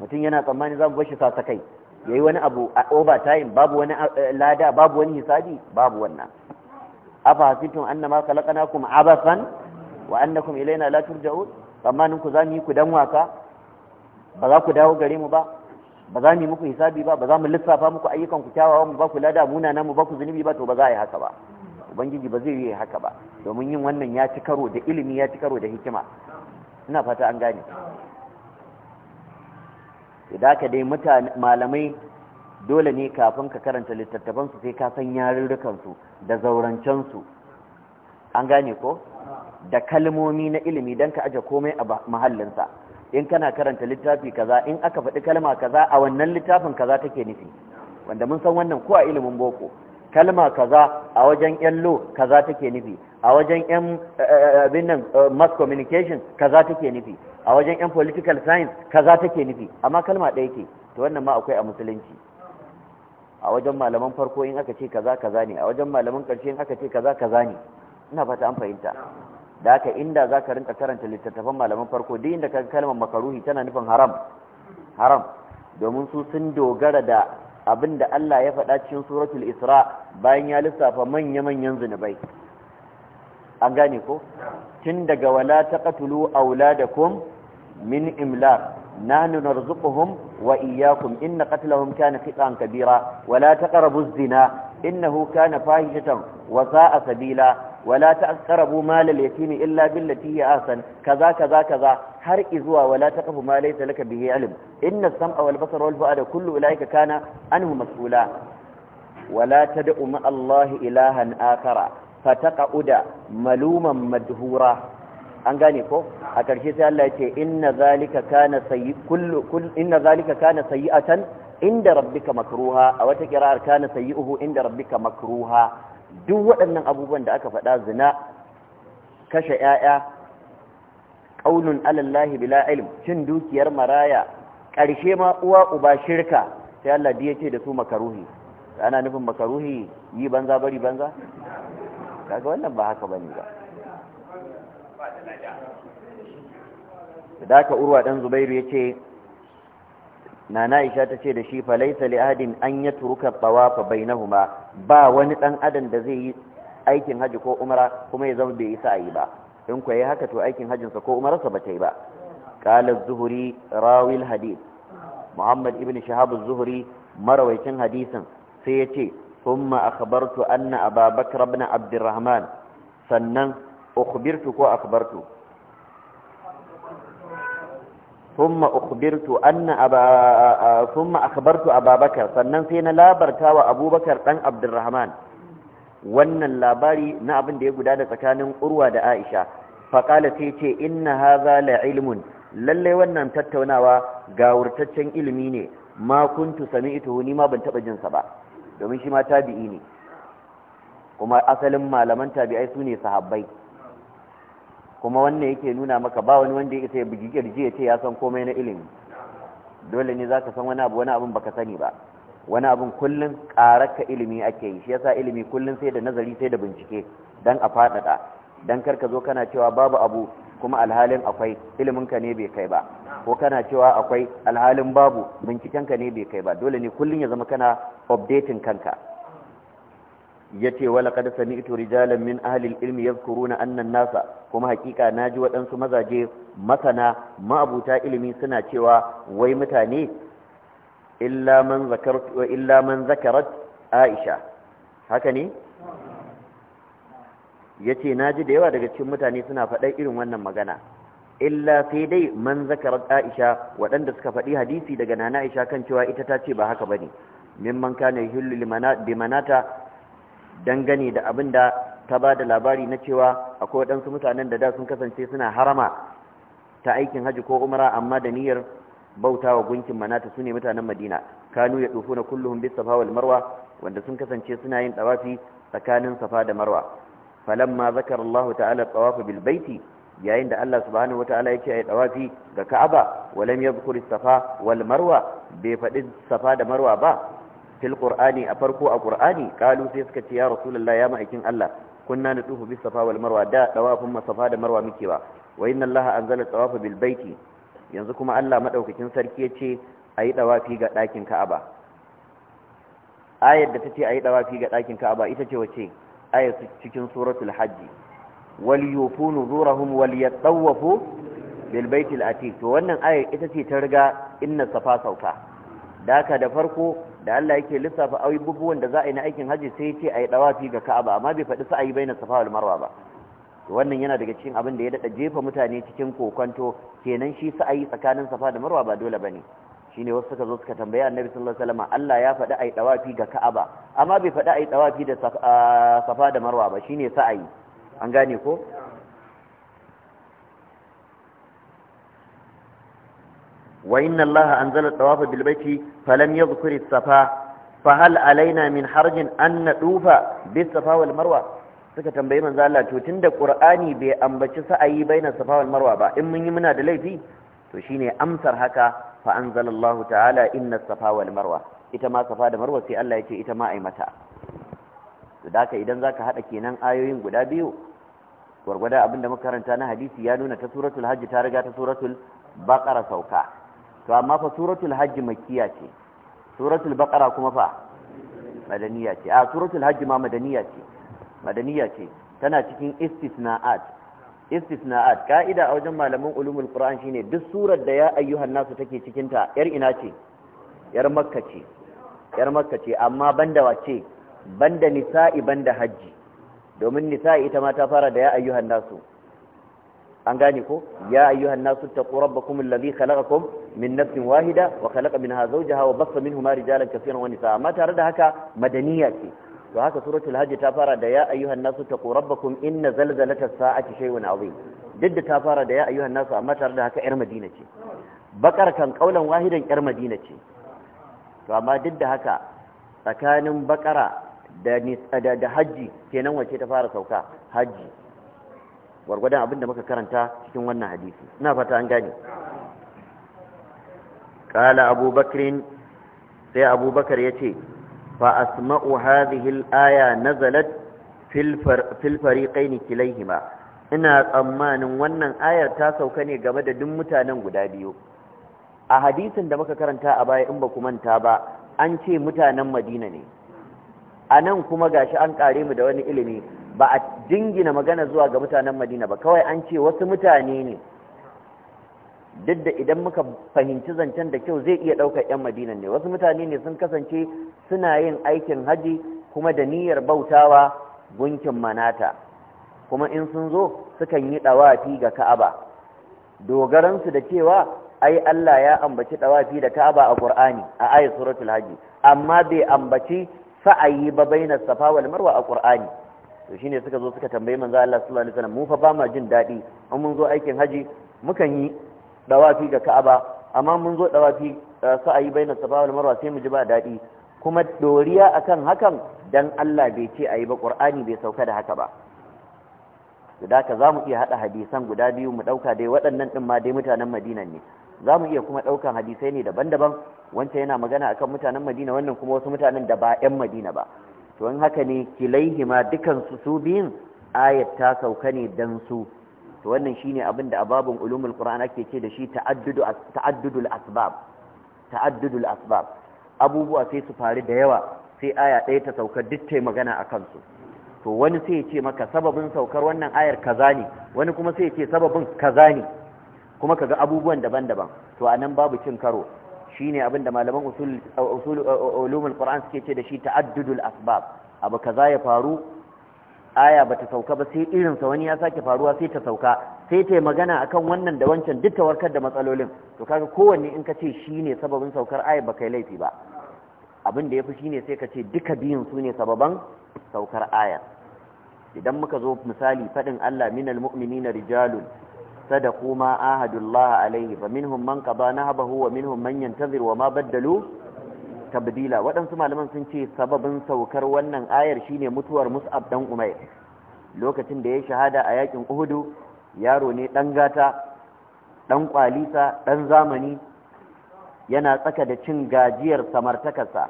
S1: mutum yana tsammani za mu bashi sasa kai ya yi wani abu a time. babu wani eh, lada babu wani hisabi babu wannan afa hasitun annama kuma abasan wa kuma ilaina la turja'un tsammanin ku za mu yi ku dan wasa ba za ku dawo gare mu ba ba za mu yi muku hisabi ba ba za mu lissafa muku ayyukan ku kyawawa mu ba ku lada munana mu ba ku zunubi ba to ba za a yi haka ba ubangiji ba zai yi haka ba domin yin wannan ya ci karo da ilimi ya ci karo da hikima ina fata an gane idan ka dai mutane malamai dole ne kafin ka karanta littattafansu sai ka san su da su an gane ko da kalmomi na ilimi don ka aje komai a mahallinsa in kana karanta littafi kaza in aka faɗi kalma kaza a wannan littafin kaza take nufi wanda mun san wannan ko a ilimin boko kalma kaza a wajen yallo kaza take nufi a wajen yan eh, eh, eh, abin nan mass communication kaza take nufi a wajen yan political science kaza take nufi amma kalma ɗaya ke to wannan ma akwai a musulunci a wajen malaman farko in aka ce kaza kaza ne a wajen malaman ƙarshe in aka ce kaza kaza ne ina fata an fahimta da haka inda za ka rinka karanta littattafan malaman farko duk inda ka kalmar makaruhi tana nufin haram haram domin su sun dogara da abin da Allah ya faɗa cikin suratul isra bayan ya lissafa manya-manyan zunubai an gane ko tun daga wala taqtulu auladakum min imlaq nahnu narzuquhum wa iyyakum inna qatlahum kana khita'an kabira wala taqrabu zina إنه كان فاحشة وساء سبيلا ولا تقربوا مال اليتيم إلا بالتي هي أحسن كذا كذا كذا har izuwa wala taqfu ma laysa laka bihi ilm inna sam'a wal basara wal fu'ada kullu ulaika kana anhu mas'ula wala tad'u ma allahi ilahan akara fataqauda maluman madhura an gane ko a karshe sai Allah ya ce inna zalika kana sayyi kullu inna zalika kana sayyi'atan inda rabbika makruha a wata kira'ar kana sayyuhu inda rabbika makruha duk waɗannan abubuwan da aka faɗa zina kashe ƴaƴa qaulun alallahi bila ilm cin dukiyar maraya ƙarshe ma uwa uba shirka sai Allah da ce da su makruhi ana nufin makruhi yi banza bari banza kaga wannan ba haka bane ba da ka urwa dan zubairu yace nana Aisha ta ce da shi fa laysa li ahadin an yatruka tawafa bainahuma ba wani ɗan adam da zai yi aikin haji ko umara kuma ya zama bai yi sa'i ba in ko yi haka to aikin hajinsa ko umararsa ba ta yi ba qala zuhuri zuhri rawi al muhammad ibn shahab az-zuhri hadisin sai ya ce akabartu akhbartu anna ababakar abdurrahman sannan Ukubirtu ko akabartu. ثم أخبرت أن أبا ثم بكر sannan sai na labarta wa Abubakar ɗan Abdurrahman wannan labari na abin da ya gudana tsakanin Urwa da Aisha faqala sai ce inna hadha la ilmun lalle wannan tattaunawa ga wurtaccen ilimi ne ma kuntu sami'tuhu ni ma ban taba jin sa ba domin shi ma tabi'i ne kuma asalin malaman tabi'ai sune sahabbai kuma wannan yake nuna maka ba wani wanda ya isa bugi kirji ya ce ya san komai na ilimi dole ne zaka san wani abu wani abun baka sani ba wani abun kullun karaka ilimi ake yi shi yasa ilimi kullun sai da nazari sai da bincike dan a fadada dan karka zo kana cewa babu abu kuma alhalin akwai ilimin ka ne bai kai ba ko kana cewa akwai alhalin babu bincikenka ne bai kai ba dole ne kullun ya zama kana updating kanka yace wala qad sami'tu rijalan min ahli al-ilm yadhkuruna anna an-nasa kuma hakika naji waɗansu mazaje masana ma'abuta ilimi suna cewa wai mutane illa man zakartu wa illa man zakarat Aisha haka ne yace naji da yawa daga cikin mutane suna faɗa irin wannan magana illa sai dai man zakarat Aisha waɗanda suka faɗi hadisi daga nana Aisha kan cewa ita ta ce ba haka bane mimman kana yuhillu limanata dangane da abin da ta ba da labari na cewa akwai waɗansu mutanen da da sun kasance suna harama ta aikin haji ko umara amma da niyyar bauta wa gunkin manata su ne mutanen madina kanu ya tsufu na kullum bis safa wal marwa wanda sun kasance suna yin tawafi tsakanin safa da marwa falamma zakar Allah ta'ala tawafu bil baiti yayin da Allah subhanahu wataala yake yi tawafi ga Ka'aba walam yadhkur safa wal marwa bai faɗi safa da marwa ba fil qur'ani a farko a qur'ani kalu sai suka ce ya rasulullah ya ma'aikin Allah kunna natufu bis safa wal marwa da tawafin safa da marwa muke ba wa inna Allah anzala tawafa bil baiti yanzu kuma Allah madaukakin sarki yace ayi tawafi ga dakin Ka'aba ayar da tace ayi tawafi ga dakin Ka'aba ita ce wace ayar cikin suratul hajji wal yufu nuzurahum wal yatawafu bil baitil atiq to wannan ayar ita ce ta riga inna safa sauka daka da farko da Allah yake lissafa abubuwan da za a yi na aikin hajji sai ya ce a yi ɗawafi ga ka'aba amma bai faɗi sa'ayi bai na safa wal marwa ba wannan yana daga cikin abin da ya daɗa jefa mutane cikin kokonto kenan shi sa'ayi tsakanin safa da marwa ba dole bane shine wasu suka zo suka tambaya annabi sallallahu alaihi wasallam Allah ya faɗi a yi ɗawafi ga ka'aba amma bai faɗi a yi ɗawafi da safa da marwa ba shine sa'ayi an gane ko wa inna anzala tawafa bil baiti falam yadhkur safa fa hal alaina min harjin an nadufa bis marwa suka tambayi manzo Allah to tunda qur'ani bai ambaci sa'ayi bainas safa wal marwa ba in mun yi muna da laifi to shine amsar haka fa anzalallahu ta'ala inna safa wal marwa ita ma safa da marwa sai Allah yake ita ma ai mata to daka idan zaka hada kenan ayoyin guda biyu gwargwada abinda muka karanta na hadisi ya nuna ta suratul hajj ta riga ta suratul baqara sauka to amma fa suratul hajj makkiya ce suratul baqara kuma fa madaniya ce a suratul hajj ma madaniya ce madaniya ce tana cikin istisna'at istisna'at ka'ida a wajen malaman ulumul qur'an shine duk surar da ya ayyuhan nasu take cikin ta yar ina ce yar makka ce yar makka ce amma banda wace banda nisa'i banda hajji domin nisa'i ita ma ta fara da ya ayyuhan nasu an gane ko ya ayyuhan nasu taqu rabbakum alladhi khalaqakum min nafsin wahida wa khalaqa minha zawjaha wa bassa minhuma rijalan kaseeran wa nisaa amma tare da haka madaniya ce to haka suratul hajj ta fara da ya ayyuhan nasu taqu rabbakum inna zalzalatas sa'ati shay'un 'azim duk da ta fara da ya ayyuhan nasu amma tare da haka yar madina ce bakar kan kaulan wahidan yar madina ce to amma duk da haka tsakanin bakara da da hajji kenan wace ta fara sauka hajji gwargwadon abin da muka karanta cikin wannan hadisi ina fata an gane qala abubakrin sai abubakar yace fa asma'u hadhihi al-aya nazalat fil fariqaini kilayhima ina tsammanin wannan ayar ta sauka ne game da duk mutanen guda biyu a hadisin da muka karanta a baya in ba ku manta ba an ce mutanen Madina ne Anan nan kuma gashi an kare mu da wani ilimi ba a jingina magana zuwa ga mutanen madina ba kawai an ce wasu mutane ne duk da idan muka fahimci zancen da kyau zai iya ɗaukar 'yan madina ne wasu mutane ne sun kasance suna yin aikin haji kuma da niyyar bautawa gunkin manata kuma in sun zo sukan yi ɗawafi ga ka'aba dogaransu da cewa ai Allah ya ambaci ɗawafi da ka'aba a ƙur'ani a ayat suratul haji amma bai ambaci sa'ayi ba bai safa wal marwa a ƙur'ani to shine suka zo suka tambayi manzo Allah sallallahu alaihi wasallam mu fa ba ma jin daɗi an mun zo aikin haji mukan yi dawafi ga Ka'aba amma mun zo dawafi eh, ayi bainas safa wal marwa sai mu ji ba daɗi kuma doriya akan hakan dan Allah bai ce ayi ba Qur'ani bai sauka da haka ba da ka za mu iya haɗa hadisan guda biyu mu ɗauka dai waɗannan ɗin ma dai mutanen Madina ne za mu iya kuma ɗaukan hadisai ne daban-daban wancan yana magana akan mutanen Madina wannan kuma wasu mutanen da ba 'yan Madina ba to in haka ne kilaihima dukansu su biyun ayat ta sauka ne dan su to wannan shine abin da ababun ulumul qur'an ake ce da shi ta'addudu ta'addudul asbab ta'addudul asbab abubuwa sai su faru da yawa sai aya ɗaya ta sauka duk tai magana a kansu to wani sai ya ce maka sababin saukar wannan ayar kaza ne wani kuma sai ya ce sababin kaza ne kuma kaga abubuwan daban-daban to anan babu cin karo shine abin da malaman usul ulumul qur'an suke ce da shi ta'addudul asbab abu kaza ya faru aya bata sauka ba sai irin sa wani ya sake faruwa sai ta sauka sai ta magana akan wannan da wancan duk ta warkar da matsalolin to kaga kowanne in ka ce shine sababin saukar aya ba kai laifi ba abin da yafi shine sai ka ce duka biyun su ne sababan saukar aya idan muka zo misali fadin Allah minal mu'minina rijalun صدقوا ما آهدوا الله عليه فمنهم من قضى نهبه ومنهم من ينتظر وما بدلوا تبديلا waɗansu malaman sun ce sababin saukar wannan ayar shine mutuwar Mus'ab dan Umair lokacin da ya shahada a yakin Uhudu yaro ne dan gata dan kwalisa dan zamani yana tsaka da cin gajiyar samartakarsa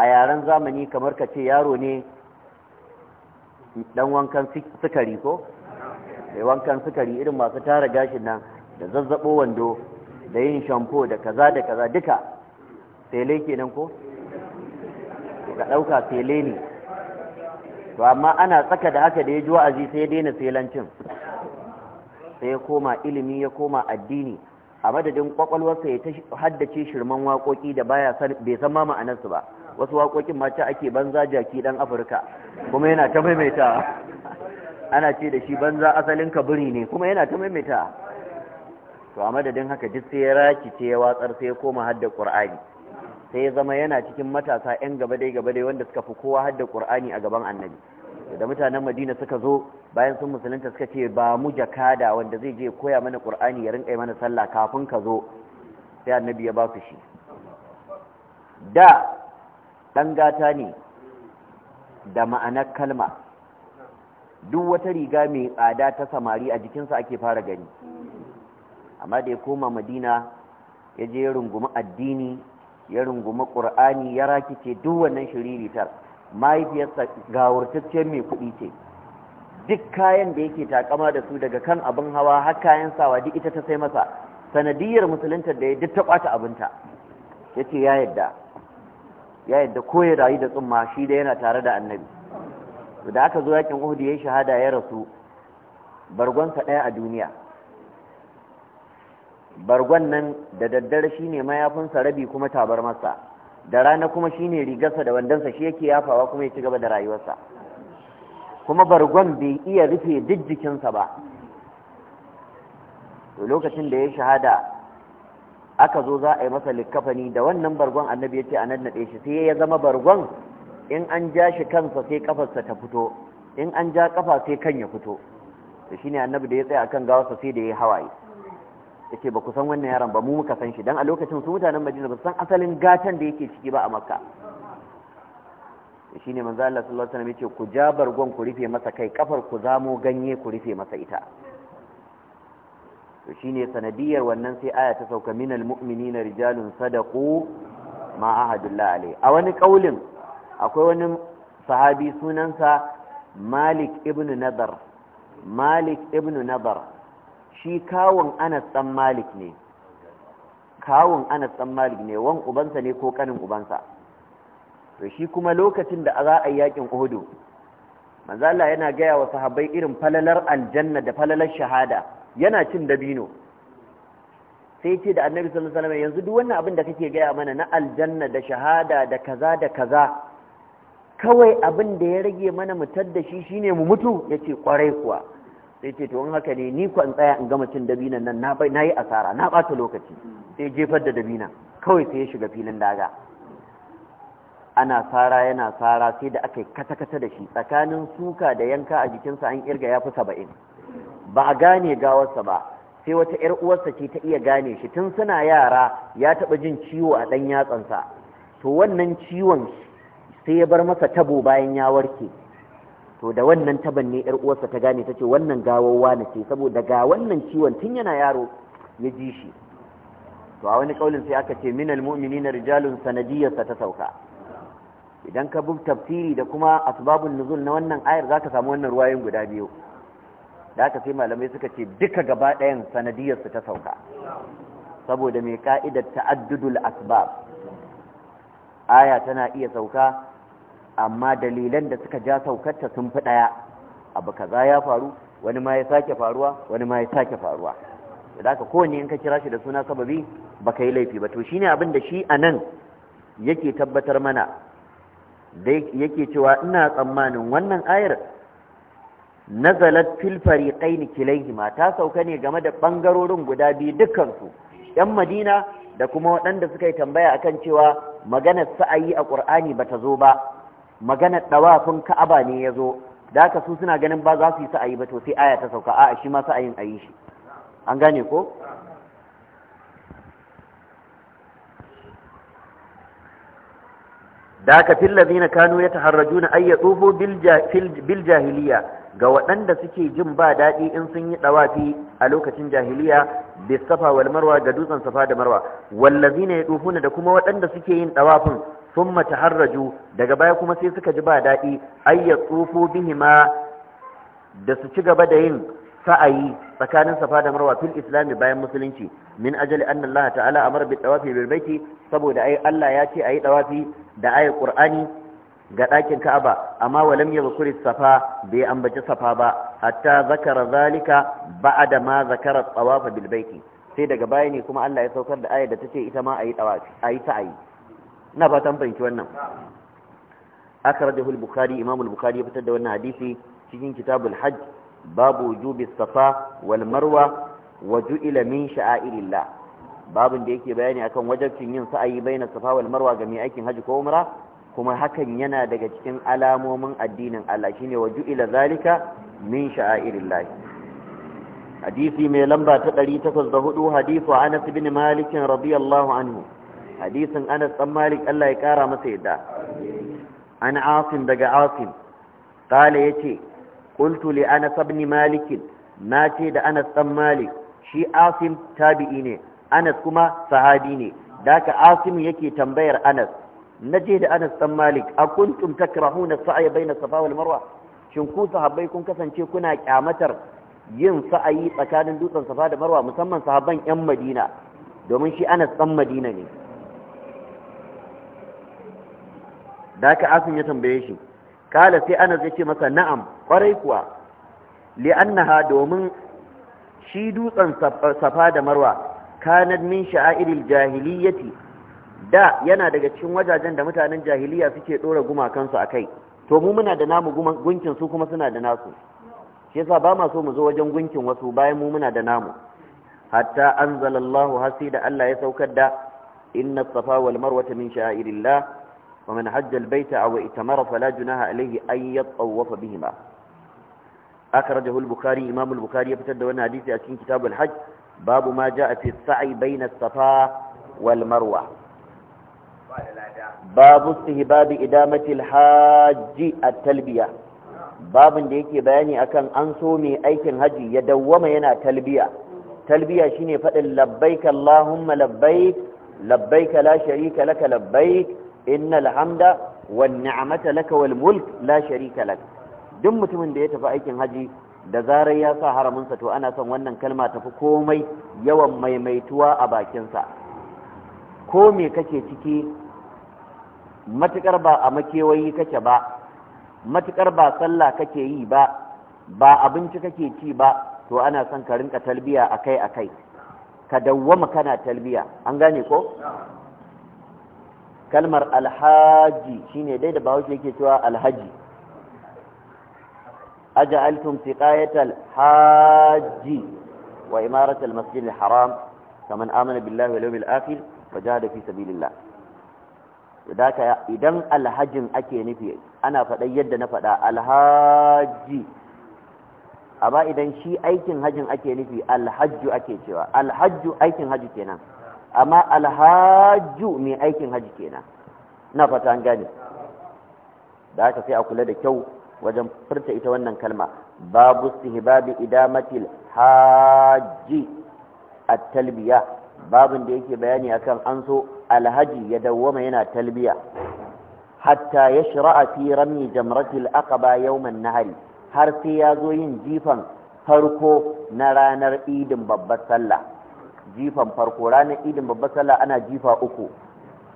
S1: a yaren zamani kamar ka ce yaro ne dan wankan sukari ko mai wankan sukari irin masu tara gashin nan da zazzabo wando da yin shampo da kaza da kaza duka fele kenan ko ka ɗauka fele ne to amma ana tsaka da haka da ya ji wa'azi sai ya daina felancin sai ya koma ilimi ya koma addini a madadin kwakwalwarsa ya haddace shirman wakoki da baya bai san ma ma'anarsu ba wasu waƙoƙin mata ake banza jaki dan afirka kuma yana ta maimaitawa ana ce da shi banza asalin kaburi ne kuma yana ta maimaita to a madadin haka duk sai ya raki ce ya watsar sai ya koma hadda qur'ani sai ya zama yana cikin matasa yan gaba dai gaba dai wanda suka fi kowa hadda qur'ani a gaban annabi da mutanen madina suka zo bayan sun musulunta suka ce ba mu jakada wanda zai je koya mana qur'ani ya rinka mana sallah kafin ka zo sai annabi ya ba su shi da ɗan gata ne da ma'anar kalma duk wata riga mai tsada ta samari a jikinsa ake fara gani amma da ya koma madina ya je ya rungumi addini ya rungumi ƙur'ani ya rakice duk wannan shiriritar mahaifiyarsa gawurtaccen mai kuɗi ce duk kayan da yake takama da su daga kan abin hawa har kayan sawa duk ita ta sai masa sanadiyar musuluntar da ya duk ta ƙwata abinta ya ce ya yadda ya yadda ko ya rayu da tsumma shi da yana tare da annabi da aka zo yakin Uhud yayin shahada ya rasu bargonsa ɗaya a duniya bargon nan da daddare shine mayafinsa rabi kuma tabar masa da rana kuma shine rigarsa da wandonsa shi yake yafawa kuma ya ci gaba da rayuwarsa kuma bargon bai iya rufe duk jikinsa ba lokacin da ya shahada aka zo za a yi masa likkafani da wannan bargon annabi ya ce a nan shi sai ya zama bargon in an ja shi kansa sai kafarsa ta fito in an ja kafa sai kan ya fito to shine annabi da ya tsaya akan sa sai da ya hawaye yake ba ku san wannan yaron ba mu muka san shi dan a lokacin su mutanen Madina ba san asalin gatan da yake ciki ba a Makka shine manzo Allah sallallahu alaihi wasallam yace ku ja bargon ku rufe masa kai kafar ku zamo ganye ku rufe masa ita to shine sanadiyar wannan sai aya ta sauka minal mu'minina rijalun sadaqu ma ahadullah alai a wani kaulin akwai wani sahabi sunansa malik ibn nadar malik ibn nadar shi kawun anas dan malik ne kawun anas dan malik ne wan ubansa ne ko kanin ubansa to shi kuma lokacin da za a yi yakin uhudu manzo yana gaya wa sahabbai irin falalar aljanna da falalar shahada yana cin dabino sai ce da annabi sallallahu alaihi wasallam yanzu duk wannan abin da kake gaya mana na aljanna da shahada da kaza da kaza kawai abin da ya rage mana mutar da shi shine mu mutu ya ce kwarai kuwa sai ce to haka ne ni ku in tsaya in gama cin dabinan nan na yi asara na bata lokaci sai jefar da dabina kawai sai ya shiga filin daga ana sara yana sara sai da aka yi kata-kata da shi tsakanin suka da yanka a jikinsa an kirga ya fi saba'in ba a gane gawarsa ba sai wata 'yar uwarsa ce ta iya gane shi tun suna yara ya taɓa jin ciwo a ɗan yatsansa to wannan ciwon sai ya bar masa tabo bayan ya warke to da wannan taban ne yar uwarsa ta gane tace wannan gawawwa ne ce saboda ga wannan ciwon tun yana yaro ya ji shi to a wani kaulin sai aka ce minal mu'minina rijalun sanadiyyarsa ta sauka idan ka bi tafsiri da kuma asbabun nuzul na wannan ayar zaka samu wannan ruwayoyin guda biyu da aka sai malamai suka ce duka gaba ɗayan sanadiyarsa ta sauka saboda mai ka'idar ta'addudul asbab aya tana iya sauka amma dalilan da suka ja saukarta sun fi ɗaya abu kaza ya faru wani ma ya sake faruwa wani ma ya sake faruwa da ka kowanne in ka kira shi da suna sababi baka yi laifi ba to shine abin da shi anan yake tabbatar mana da yake cewa ina tsammanin wannan ayar nazalat fil fariqain kilayhima ta sauka ne game da bangarorin guda biyu dukkan su yan Madina da kuma waɗanda suka yi tambaya akan cewa maganar sa'ayi a Qur'ani bata zo ba Maganar ɗawafin ka'aba ne ya zo da aka su suna ganin ba za su yi sa'ayi ba to sai aya ta sauka a'a shi ma sa'ayin a yi shi an gane ko da na Kano ya taharraju na ay yatufu bil jahiliya ga waɗanda suke jin ba daɗi in sun yi ɗawafi a lokacin jahiliya bisafa safa wal marwa ga dutsen safa da marwa ya yatufuna da kuma waɗanda suke yin ɗawafin thumma taharraju daga baya kuma sai suka ji ba daɗi ay yatufu bihima da su ci gaba da yin sa'ayi tsakanin safa da marwa fil islami bayan musulunci min ajali anna Allah ta'ala amar bi tawafi bil baiti saboda ai Allah ya ce ayi tawafi da ayat qur'ani ga ɗakin Ka'aba amma walam yadhkuri safa bai ambaci safa ba hatta zakara zalika ba'da ma zakara tawafa bil baiti sai daga baya ne kuma Allah ya saukar da ayar da tace ita ma ayi tawafi ayi sa'ayi na fatan fahimci wannan akhrajahu al-bukhari imam al-bukhari ya fitar da wannan hadisi cikin kitabul hajj babu wujubi safa wal marwa wa ju'ila min sha'airillah babin da yake bayani akan wajabcin yin sa'ayi bainas safa wal marwa ga mai aikin hajji ko umra kuma hakan yana daga cikin alamomin addinin Allah shine wa ju'ila zalika min sha'airillah hadisi mai lamba ta 804 hadisi Anas ibn Malik radiyallahu anhu hadisin Anas dan Malik Allah ya kara masa yadda an Asim daga Asim Sale yace qultu li Anas ibn Malik nace da Anas dan Malik shi Asim tabi'i ne Anas kuma sahabi ne daka Asim yake tambayar Anas nace da Anas dan Malik akuntum takrahuna sa'a baina Safa wal Marwa shin ku sahabbai kun kasance kuna kyamatar yin sa'ayi tsakanin dutsen Safa da Marwa musamman sahabban yan Madina domin shi Anas dan Madina ne da haka asim ya tambaye shi kala sai anas ya ce masa na'am kwarai kuwa li'annaha domin shi dutsen safa da marwa kanad min sha'iril jahiliyyati da yana daga cikin wajajen da mutanen jahiliya suke dora gumakansu akai to mu muna da namu gunkin su kuma suna da nasu shi yasa ba ma so mu zo wajen gunkin wasu bayan mu muna da namu hatta anzalallahu hasi da Allah ya saukar da inna safa wal marwa min shairillah ومن حج البيت أو ائتمر فلا جناها عليه أن يطوف بهما أخرجه البخاري إمام البخاري يبتد وأن حديث أكين كتاب الحج باب ما جاء في السعي بين الصفا والمروة باب استهباب إدامة الحاج التلبية باب ديكي yake bayani akan an so mai aikin haji ya dawwama yana talbiya talbiya shine faɗin labbaik Allahumma labbaik labbaik la sharika labbaik innal hamda wan ni'mata laka wal mulk la sharika lak duk mutumin da ya tafi aikin haji da zarar ya sa haraminsa to ana son wannan kalma tafi komai yawan maimaituwa a bakinsa ko me kake ciki matukar ba a makewayi kake ba matukar ba sallah kake yi ba ba abinci kake ci ba to ana son ka rinka talbiya akai akai ka dawwama kana talbiya an gane ko kalmar alhaji shine dai da bahaushe yake cewa alhaji aja'altum siqayatal haji wa imaratal masjidil haram kaman amana billahi wal yawmil akhir wa jahada fi sabilillah idan alhajin ake nufi ana faɗa yadda na faɗa alhaji amma idan shi aikin hajin ake nufi alhajju ake cewa alhajju aikin haji kenan amma alhaju mai aikin hajji kenan na fata an gane da aka sai a kula da kyau wajen furta ita wannan kalma babu sihibabi idamatil haji at talbiya babin da yake bayani akan an so alhaji ya dawwama yana talbiya hatta ya yashra'a fi rami jamratil aqaba yawman nahari har sai ya zo yin jifan farko na ranar idin babbar sallah jifan farko ranar idin babbar sallah ana jifa uku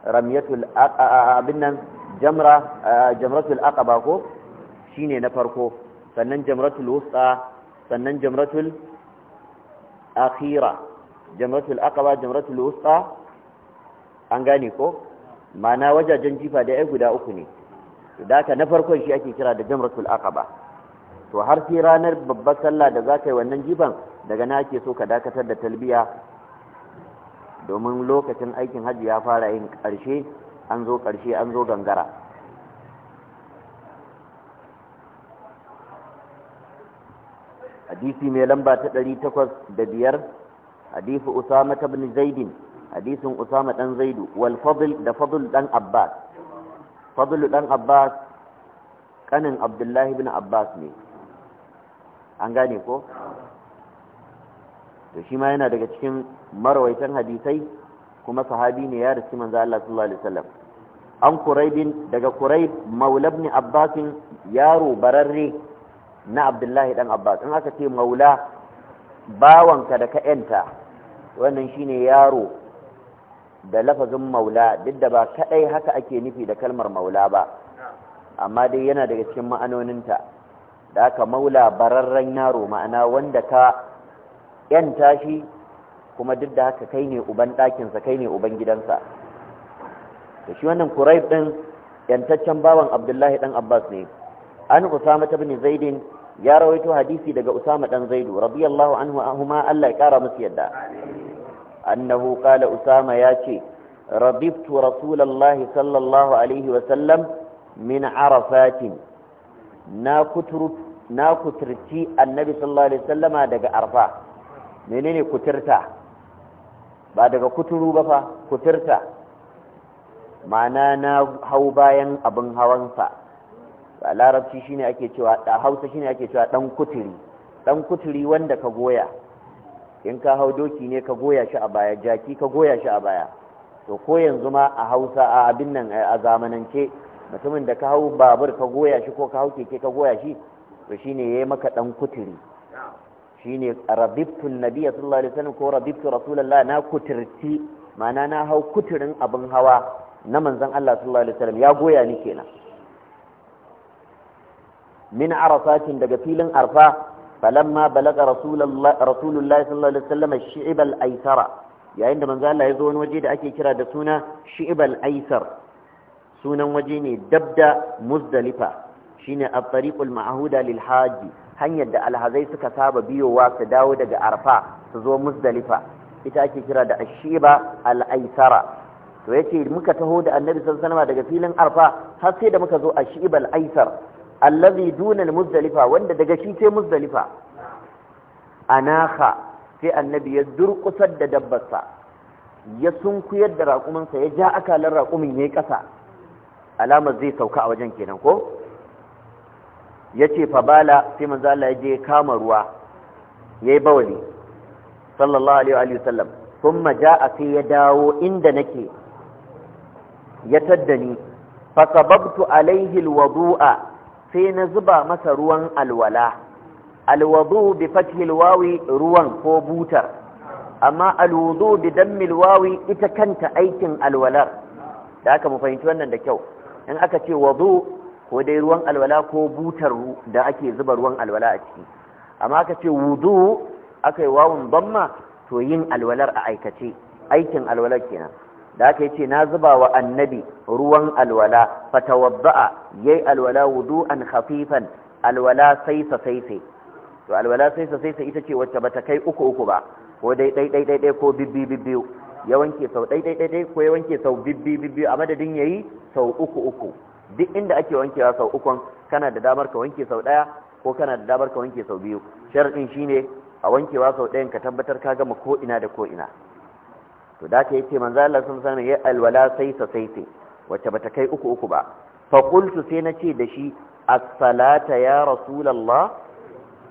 S1: ramyatul abin nan jamra jamratul aqaba ko shine na farko sannan jamratul wusta sannan jamratul akhira jamratul aqaba jamratul wusta an gane ko ma'ana wajajen jifa da ya guda uku ne da haka na farkon shi ake kira da jamratul aqaba to har sai ranar babbar sallah da za ka yi wannan jifan daga na ake so ka dakatar da talbiya domin lokacin aikin hajji ya fara yin ƙarshe an zo ƙarshe an zo gangara hadisi mai lamba ta ɗari takwas da biyar hadisi usama ta bin zaidin hadisin usama ɗan zaidu wal fadl da fadl ɗan abbas fadl ɗan abbas ƙanin abdullahi bin abbas ne an gane ko to shi ma yana daga cikin marawaitan hadisai kuma sahabi ne ya rasu manzo Allah sallallahu alaihi wasallam an kuraibin daga kuraib maula ibn abbas yaro bararre na abdullahi dan abbas in aka ce maula bawanka da ka yanta wannan shine yaro da lafazin maula duk da ba kadai haka ake nufi da kalmar maula ba amma dai yana daga cikin ma'anoninta da aka maula bararren yaro ma'ana wanda ka 'yan tashi kuma duk da haka kai ne uban ɗakinsa kai ne uban gidansa da shi wannan kurai ɗin yantaccen bawan abdullahi ɗan abbas ne an usama ta bin zaidin ya rawaito hadisi daga usama ɗan zaidu radiyallahu anhu ahuma allah ya ƙara musu yadda annahu qala usama ya ce rabibtu rasulallahi sallallahu alaihi wasallam min arafatin na kuturci annabi sallallahu alaihi wasallama daga arfa menene kuturta ba daga kuturu ba fa kuturta ma'ana na hau bayan abin hawansa a larabci shine ake cewa da hausa shine ake cewa dan kuturi dan kuturi wanda ka goya in ka hau doki ne ka goya shi a baya jaki ka goya shi a baya to ko yanzu ma a hausa a abin nan a zamanance mutumin da ka hau babur ka goya shi ko ka hau keke ka goya shi to shine yayi maka dan kuturi shine radibtu nabiyya sallallahu alaihi wasallam ko radibtu rasulullahi na kutirci ma'ana na hau kuturin abin hawa na manzon Allah sallallahu alaihi wasallam ya goya ni kenan min arasatin daga filin arfa falamma balaga rasulullahi rasulullahi sallallahu alaihi wasallam al aisara yayin da manzo Allah ya zo wani waje da ake kira da suna al aisar sunan waje ne dabda muzdalifa shine at-tariqul ma'huda lil hajji hanyar da alhazai suka saba biyowa su dawo daga arfa su zo musdalifa ita ake kira da ashiba al'aisara to yace muka taho da annabi sallallahu daga filin arfa har sai da muka zo ashiba al'aisar allazi duna al-muzdalifa wanda daga shi sai muzdalifa anaka sai annabi ya durkusar da dabbarsa ya sunkuyar da raƙuminsa ya ja akalar raƙumin ya yi ƙasa alamar zai sauka a wajen kenan ko ya ce fabala sai manzo Allah ya je kama ruwa ya yi bawali sallallahu alaihi wa sallam sun maja a sai ya dawo inda nake ya taddani fasababtu alaihi alwadu'a sai na zuba masa ruwan alwala alwadu bi fathil ruwan ko butar amma alwudu bi dammi wawi ita kanta aikin alwalar da aka mu fahimci wannan da kyau in aka ce wadu ko dai ruwan alwala ko butar da ake zuba ruwan alwala a ciki amma ka ce wudu aka yi wawun bamma to yin alwalar a aikace aikin alwalar kenan da aka yi ce na zuba wa annabi ruwan alwala fatawadda'a yayi alwala wudu'an khafifan alwala saisa saise to alwala saisa saise ita ce wacce bata kai uku uku ba ko dai dai dai dai ko bibbi bibbi ya wanke sau dai dai dai ko ya wanke sau bibbi bibbi a madadin yayi sau uku uku duk inda ake wankewa sau ukun kana da damar ka wanke sau ɗaya ko kana da damar ka wanke sau biyu sharaɗin shine a wankewa sau ɗayan ka tabbatar ka gama ko ina da ko ina to da ka yace manzo Allah sun sanin ya alwala sai sa sai sai wacce bata kai uku uku ba fa qultu sai nace da shi as-salata ya rasulullah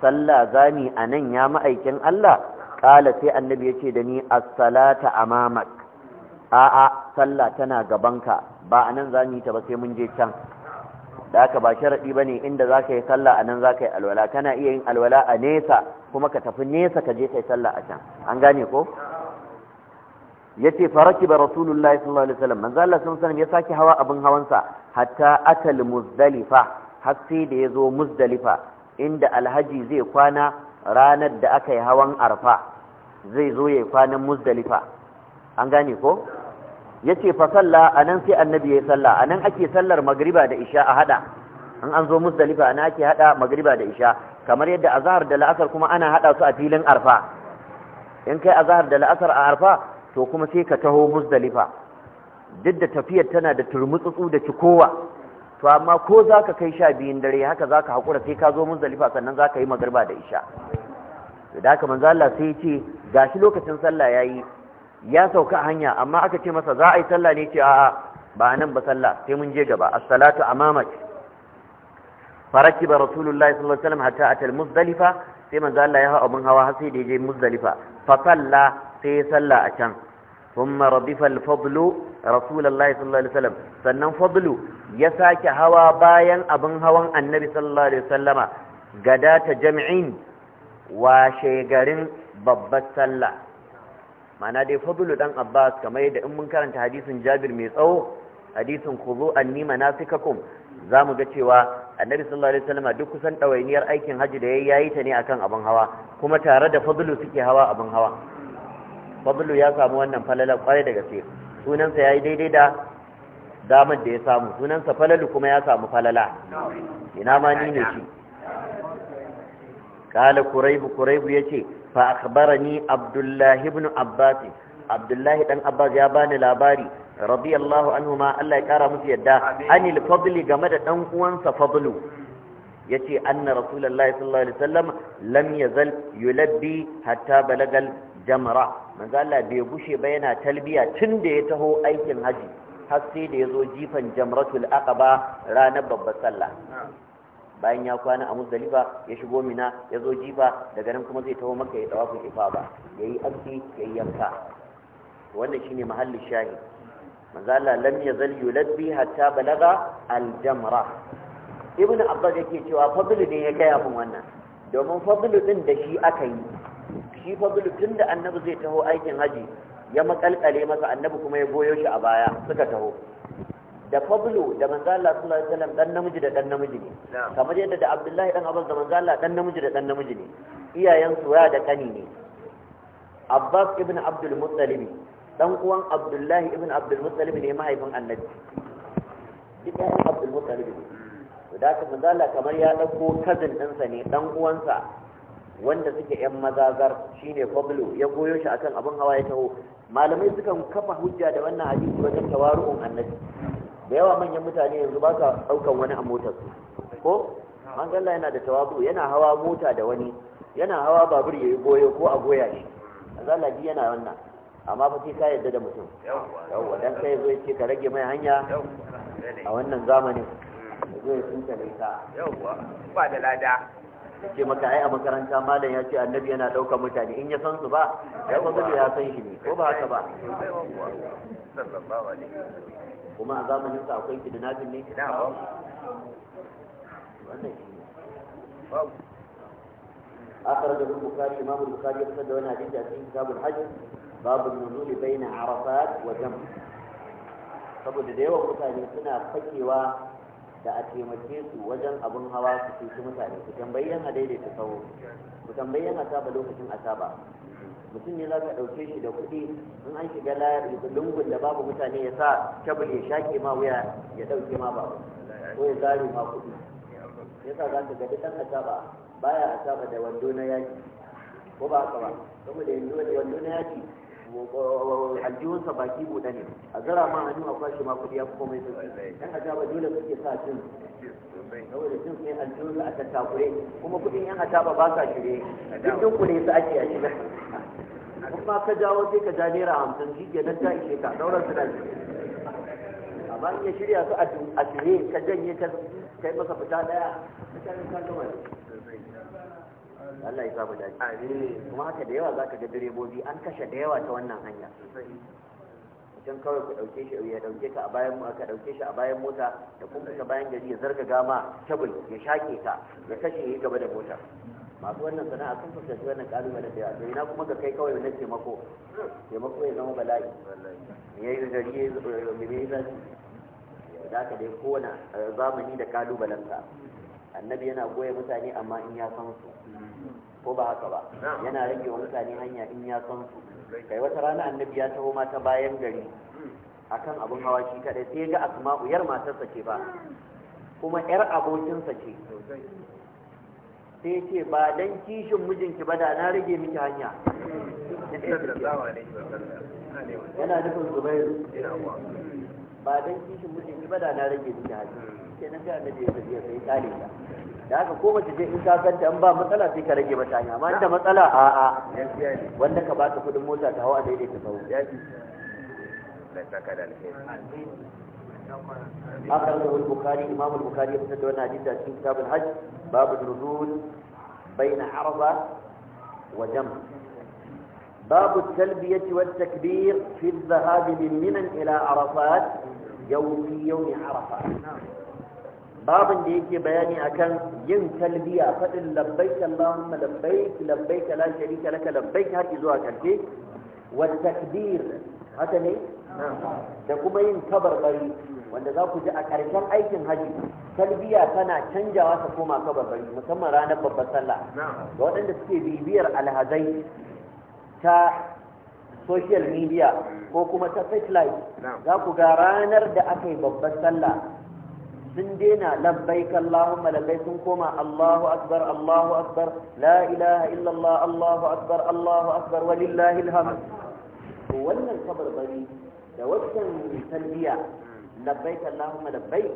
S1: salla zani anan ya ma'aikin Allah kala sai annabi yace da ni as-salata amamak a'a sallah tana gabanka ba a nan za mu yi ta ba sai mun je can da aka ba sharaɗi ba ne inda za ka yi sallah a nan za ka yi alwala kana iya yin alwala a nesa kuma ka tafi nesa ka je ka yi sallah a can an gane ko ya ce faraki ba rasulullahi sallallahu alaihi wasallam manzo Allah alaihi sanin ya sake hawa abin hawansa hatta atal muzdalifa har sai da ya zo muzdalifa inda alhaji zai kwana ranar da aka yi hawan arfa zai zo ya kwana muzdalifa an gane ko Ya ce fa salla anan sai annabi ya salla anan ake sallar magriba da isha a hada in an zo musdalifa ana ake hada magriba da isha kamar yadda azhar da la'asar kuma ana hada su a filin arfa in kai azhar da la'asar a arfa to kuma sai ka taho musdalifa duk da tafiyar tana da turmutsutsu da cikowa to amma ko zaka kai sha biyun dare haka zaka hakura sai ka zo musdalifa sannan za yi magriba da isha da haka manzo Allah sai ya ce gashi lokacin sallah yayi ya sauka a hanya amma aka ce masa za a yi sallah ne ce a'a ba nan ba sallah sai mun je gaba as-salatu amamak farakiba rasulullahi sallallahu alaihi wasallam hatta atal muzdalifa sai manzo Allah ya hawa abun hawa har sai da je muzdalifa fa salla sai ya salla a can thumma radifa al-fadlu rasulullahi sallallahu alaihi wasallam sannan fadlu ya sake hawa bayan abun hawan annabi sallallahu alaihi wasallama gada ta jam'in washe garin babbar sallah mana dai fadlu dan abbas kamar yadda in mun karanta hadisin jabir mai tsawo hadisin khudu anni manasikakum zamu ga cewa annabi sallallahu alaihi wasallam duk kusan dawainiyar aikin haji da yayi yayi ta ne akan abin hawa kuma tare da fadlu suke hawa abin hawa fadlu ya samu wannan falala kwarai da gaske sunansa yayi daidai da damar da ya samu sunansa falalu kuma ya samu falala ina ma ni ne shi kala kuraibu kuraibu yace fa akhbarani abdullahi ibn abdullahi ɗan abbas ya bani labari radiyallahu anhuma Allah ya kara musu yadda anil fadli game da dan uwansa fadlu yace anna rasulullahi sallallahu alaihi wasallam lam yazal yulabbi hatta balagal jamra manzo Allah bai bushe ba yana talbiya Tunda ya taho aikin hajji. har sai da ya zo jifan jamratul aqaba ranar babbar sallah bayan ya kwana a muzdalifa ya shigo mina ya zo jifa daga nan kuma zai taho maka ya tsawafu ba. ya yi aski ya yi yanka wannan shine mahallin shahi manzo Allah lam yazal yulabbi hatta balaga aljamra ibnu abbas yake cewa fadlu ne ya kai abun wannan domin fadlu din da shi aka yi shi fadlu tun da annabi zai taho aikin haji ya makalkale masa annabi kuma ya goyo shi a baya suka taho da fablo da manzo Allah sallallahu alaihi wasallam dan namiji da dan namiji ne kamar yadda da Abdullahi dan Abbas da Manzala Allah dan namiji da dan namiji ne iyayen su ya da kani ne Abbas ibn Abdul Muttalib dan uwan Abdullahi ibn Abdul Muttalib ne mahaifin Annabi duk ɗayan Abdul Muttalib ne da ka manzo Allah kamar ya dauko cousin ɗinsa ne dan uwansa wanda suke yan mazazar shine Pablo ya goyo shi akan abin hawa ya taho malamai sukan kafa hujja da wannan hadisi wajen tawaru'un annabi da yawa manyan mutane yanzu ba sa ɗaukan wani a motarsu ko manzalla yana da tawabu yana hawa mota da wani yana hawa babur ya yi goyo ko a goya shi manzalla bi yana wannan amma fa sai ka yarda da mutum yawwa dan kai zo yace ka rage mai hanya a wannan zamanin zo ya tunta ne ka yawwa ba da lada ce maka ai a makaranta malam ya ce annabi yana ɗaukar mutane in ya san su ba ya zai ya san shi ne ko ba haka ba
S2: sallallahu alaihi kuma a zamanin sa akwai kidnapping ne da ba wannan shi babu
S1: أخرج البخاري da wani hadisi a cikin kitabul hajj babu nuzuli baina arafat wa jam saboda da yawan mutane suna fakewa da a taimake su wajen abun hawa su cuci mutane ku tambayi yana daidaita sauro ku tambayi yana asaba lokacin asaba mutum ne za ka ɗauke shi da kuɗi in an shiga layar lungun da babu mutane ya sa tabul ya shaƙe ma wuya ya ɗauke ma ba ko ya zare ma kuɗi yasa za ka gaɗi ɗan asaba baya asaba da wando na yaki ko ba haka ba saboda yanzu wani wando na yaki. aljihunsa baki buɗe ne a zara ma hannu a kwashe ma kuɗi ya fi komai sauki dan azaba dole suke sa jin saboda jin sai aljihunsa a takure kuma kudin yan azaba ba sa shirye duk dunkule su ake a shiga in ma ka jawo sai ka ja naira hamsin shi ke nan ta ishe ka sauran su da amma in ya shirya su a shirye ka janye ka yi masa fita ɗaya
S2: mutane kan gama ne Allah ya samu dace kuma haka da yawa zaka ga direbobi an kashe da yawa ta wannan hanya
S1: mutum kawai ku ɗauke shi ya dauke ka a bayan ka ɗauke shi a bayan mota da kuma ka bayan gari ya zarga gama tabul ya shake ka ya kashe ya yi gaba da mota masu wannan sana'a sun fuskanci wannan ƙalubale da yawa to ina kuma ga kai kawai na taimako taimako ya zama bala'i ya yi gari ya yi da ka dai kowane eh, zamani da annabi yana goya mutane amma in ya san su mm-hmm. ko ba haka ba yana rage wa mutane hanya in ya san su kai wata rana annabi ya taho mata bayan gari mm. akan abun hawa shi kadai sai ga asma'u yar matarsa ce ba kuma yar abokinsa ce sai ce ba dan kishin mijinki ba da na rage miki hanya mm.
S2: yana nufin zubairu
S1: mm. ba dan kishin mijinki ba da na rage miki hanya sai na ga annabi ya tafiya sai kare ta da haka ko mace ce in ka san in ba matsala sai ka rage mata amma inda matsala a a wanda ka baka kudin mota ta hawa daidai ta sau أخرجه البخاري إمام البخاري يسند لنا حديث في كتاب الحج باب النزول بين عرفة وجمع باب التلبية والتكبير في الذهاب من منى إلى عرفات يوم في يوم عرفات babin da yake bayani akan yin talbiya faɗin labbaik Allahumma labbaik labbaik la sharika laka labbaik har zuwa karfe, wa takbir haka ne da kuma yin kabarbari wanda za ku ji a ƙarshen aikin haji talbiya tana canjawa ta koma kabarbari musamman ranar babbar sallah ga waɗanda suke bibiyar alhazai ta social media ko kuma ta satellite za ku ga ranar da aka yi babbar sallah sun daina labbaik Allahumma labbaik sun koma Allahu akbar Allahu akbar la ilaha illallah Allahu akbar Allahu akbar walillahi alhamd to wannan kabarbari da wannan talbiya labbaik Allahumma labbaik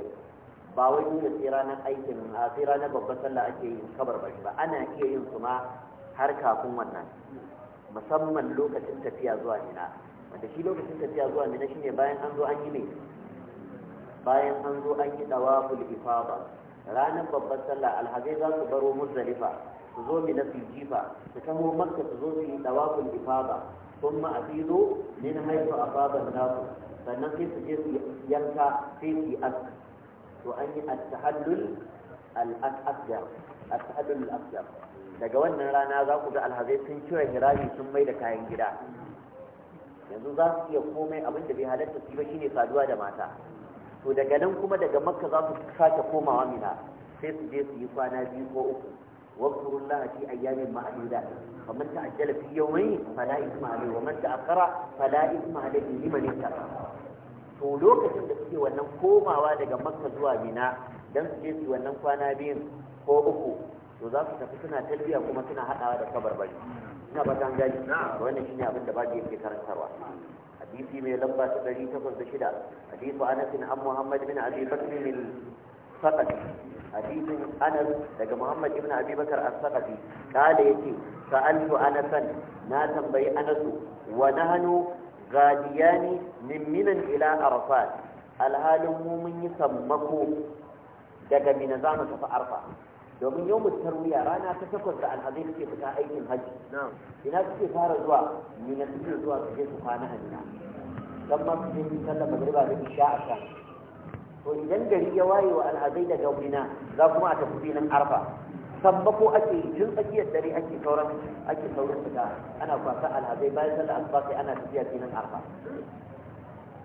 S1: ba wai nuna tsira na aikin a tsira na babbar sallah ake yin kabarbari ba ana iya yin su ma har kafin wannan musamman lokacin tafiya zuwa mina wanda shi lokacin tafiya zuwa mina shine bayan an zo an yi mai bayan an zo an yi dawaful ifaba ranar babbar sallah alhazai za su baro muzdalifa su zo mi su jifa su kamo makka su zo su yi dawaful ifaba sun ma afizo na haifu babar nasu sannan sai su je su yanka sai su yi aski to an yi at-tahallul al-asgar at-tahallul al-asgar daga wannan rana za ku ga alhazai sun cire hirami sun mai da kayan gida yanzu za su iya komai abin da bai halatta su ba shine saduwa da mata to daga nan kuma daga makka za su sake komawa mina sai su je su yi kwana biyu ko uku fi ayyamin في kamar ta ajjala fi في fala isma إثم wa man تأخر fala isma liman to lokacin da suke wannan komawa daga makka zuwa mina don su je su wannan kwana biyu ko uku to za su tafi suna talbiya kuma suna haɗawa da kabarbari ina ba ta gani wannan shine abin da babu yake karantarwa hadisi mai lamba ta ɗari takwas da shida hadisu anas an muhammad bin abi bakr min saqati hadisin anas daga muhammad ibn abi bakr as-saqati kada yace sa'altu anasan na tambayi anasu wa nahnu gadiyani min minan ila arfat alhalin mu mun yi sammako daga mina za mu tafi arfa domin yau tarwiya rana ta takwas da alhazai ke fita aikin hajji ina suke fara zuwa mina suke zuwa su je su kwana a mina dan ma su je sallar magriba da isha a sha to idan gari ya waye wa alhazai daga wina za kuma a tafi binin arfa sabbako ake yi tun tsakiyar dare ake sauran ake sauran fita ana kwasa alhazai bayan sallar asuba sai ana tafiya binin arfa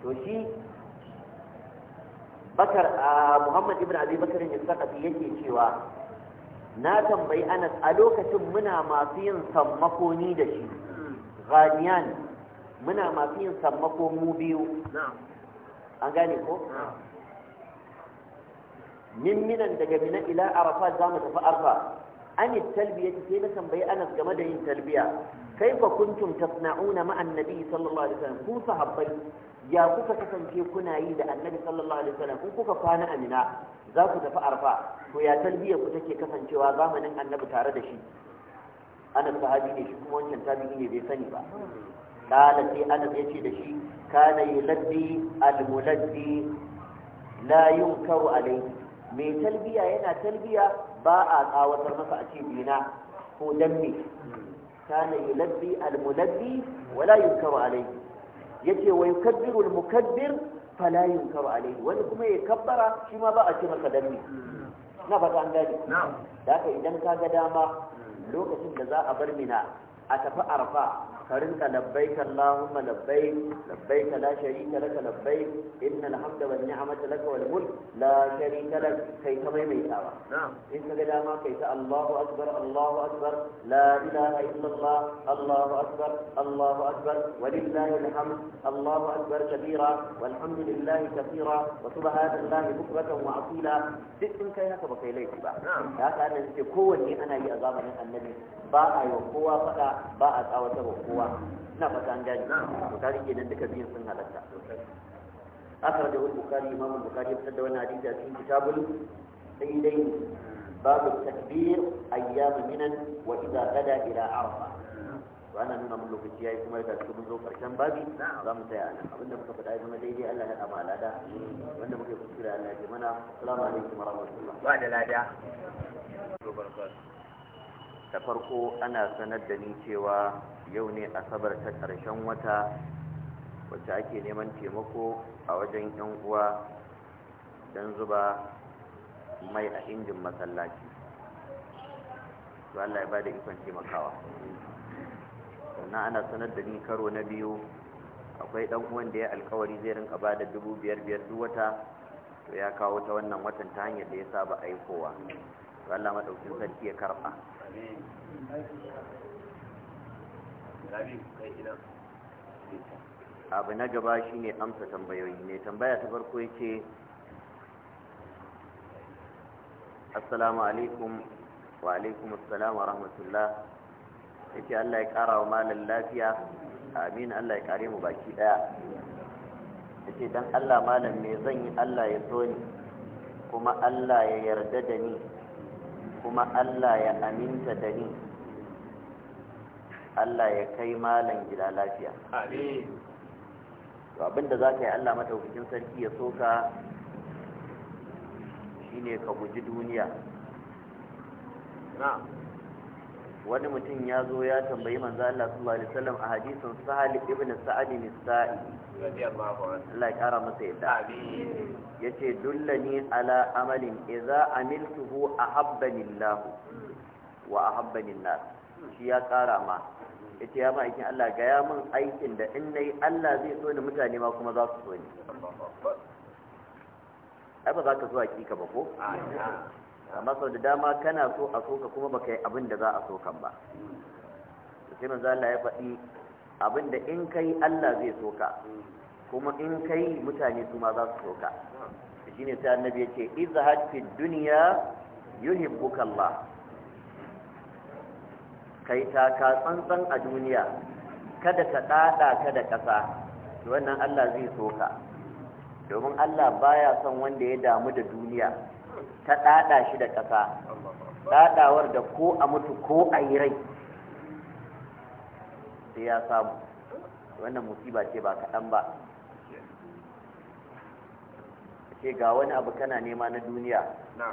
S1: to shi bakar a muhammad ibn abi bakar ne sakafi yake cewa na tambayi anas a lokacin muna masu yin ni da shi ghaniyan muna masu yin sammako mu biyu an gane ko min daga mina ila arafa za mu tafi arfa an talbiya sai na tambayi anas game da yin talbiya kaifa kuntum tasna'una ma annabi sallallahu alaihi wasallam ku sahabbai ya kuka kasance kuna yi da annabi sallallahu alaihi wasallam in kuka kwana a amina za ku tafi arfa to ya talbiya ku take kasancewa zamanin annabi tare da shi anas sahabi ne shi kuma wancan tabi'i ne bai sani ba kala sai anas ya ce da shi kana laddi almuladdi la yunkaru alayhi mai talbiya yana talbiya ba a tsawatar masa a ce dina ko danne kana yuladdi almuladdi wala yunkaru alayhi yace wa fa almukabbir fala yunkaru alayhi wani kuma ya kabbara shi ma ba a ce masa danne na fata an gani da haka idan ka ga dama lokacin da za a bar mina a tafi arfa ka rinka labbaik Allahumma labbaik labbaik la sharika laka labbaik innal hamda wan ni'mata laka wal mulk la sharika lak kai ta mai mai tawa in ka ga dama kai ta Allahu akbar Allahu akbar la ilaha illallah Allahu akbar Allahu akbar walillahi alhamd Allahu akbar kabira walhamdulillahi kathira wa subhanallahi bukratan wa asila duk in kai haka ba kai laifi ba haka nan ce kowanne ana yi a zamanin annabi ba a yi kowa fada ba a tsawata ba kowa na fata an gani bukari nan duka biyun sun halatta akara da bukari imam bukari fitar da wani hadisi a cikin kitabul sai dai babu takbir ayyamu minan wa idza qada ila arfa wa ana nuna mun lokaci yayi kuma da su mun zo karshen babi za mu tsaya nan abinda muka faɗa ya zama daidai Allah ya kama alada wanda muke kuskure Allah ya ji mana assalamu alaikum wa rahmatullahi wa barakatuh da farko ana sanar da ni cewa yau ne asabar ta ƙarshen wata wacce ake neman taimako a wajen yan uwa don zuba mai a injin masallaci to Allah ya ba da ikon taimakawa sannan ana sanar da ni karo na biyu akwai ɗan uwan da ya alkawari zai rinka ba da dubu biyar biyar duk wata to ya kawo ta wannan watan ta hanyar da ya saba aikowa to Allah madaukin sarki ya karba abu na gaba shi ne amsa tambayoyi ne tambaya ta farko ya ce. assalamu alaikum wa alaikum assalam wa rahmatullah yace Allah ya kara wa malan lafiya amin Allah ya kare mu baki daya ce don Allah malam me zan yi Allah ya so ni kuma Allah ya yarda da ni kuma Allah ya aminta da ni Allah ya kai malam gida lafiya to abinda za ka yi Allah mataukakin sarki ya soka shine ka guji duniya na'am wani mutum ya zo ya tambayi manzo Allah sallallahu alaihi wasallam a hadisin Sahal ibn Sa'ad anhu Allah ya kara masa yadda yace dullani ala amalin idza amiltuhu ahabbani Allah wa ahabbani an-nas shi ya kara ma yace ya ma'aikin Allah ga ya mun aikin da in nayi Allah zai so ni mutane ma kuma za su so ni ai ba za ka zo hakika ba ko amma sau da dama kana so a soka kuma baka yi abin da za a sokan ba sai manzo Allah ya faɗi abin da in kai Allah zai soka kuma in kai mutane su ma za su soka ne sai annabi yace izhad duniya dunya yuhibbuka kai ta ka tsantsan a duniya kada ka ɗaɗa kada da kasa to wannan Allah zai soka domin Allah baya son wanda ya damu da duniya ta ɗaɗa shi da ƙasa ɗaɗawar da ko a mutu ko a yi rai sai ya samu wannan musiba ce ba kaɗan ba ce ga wani abu kana nema na duniya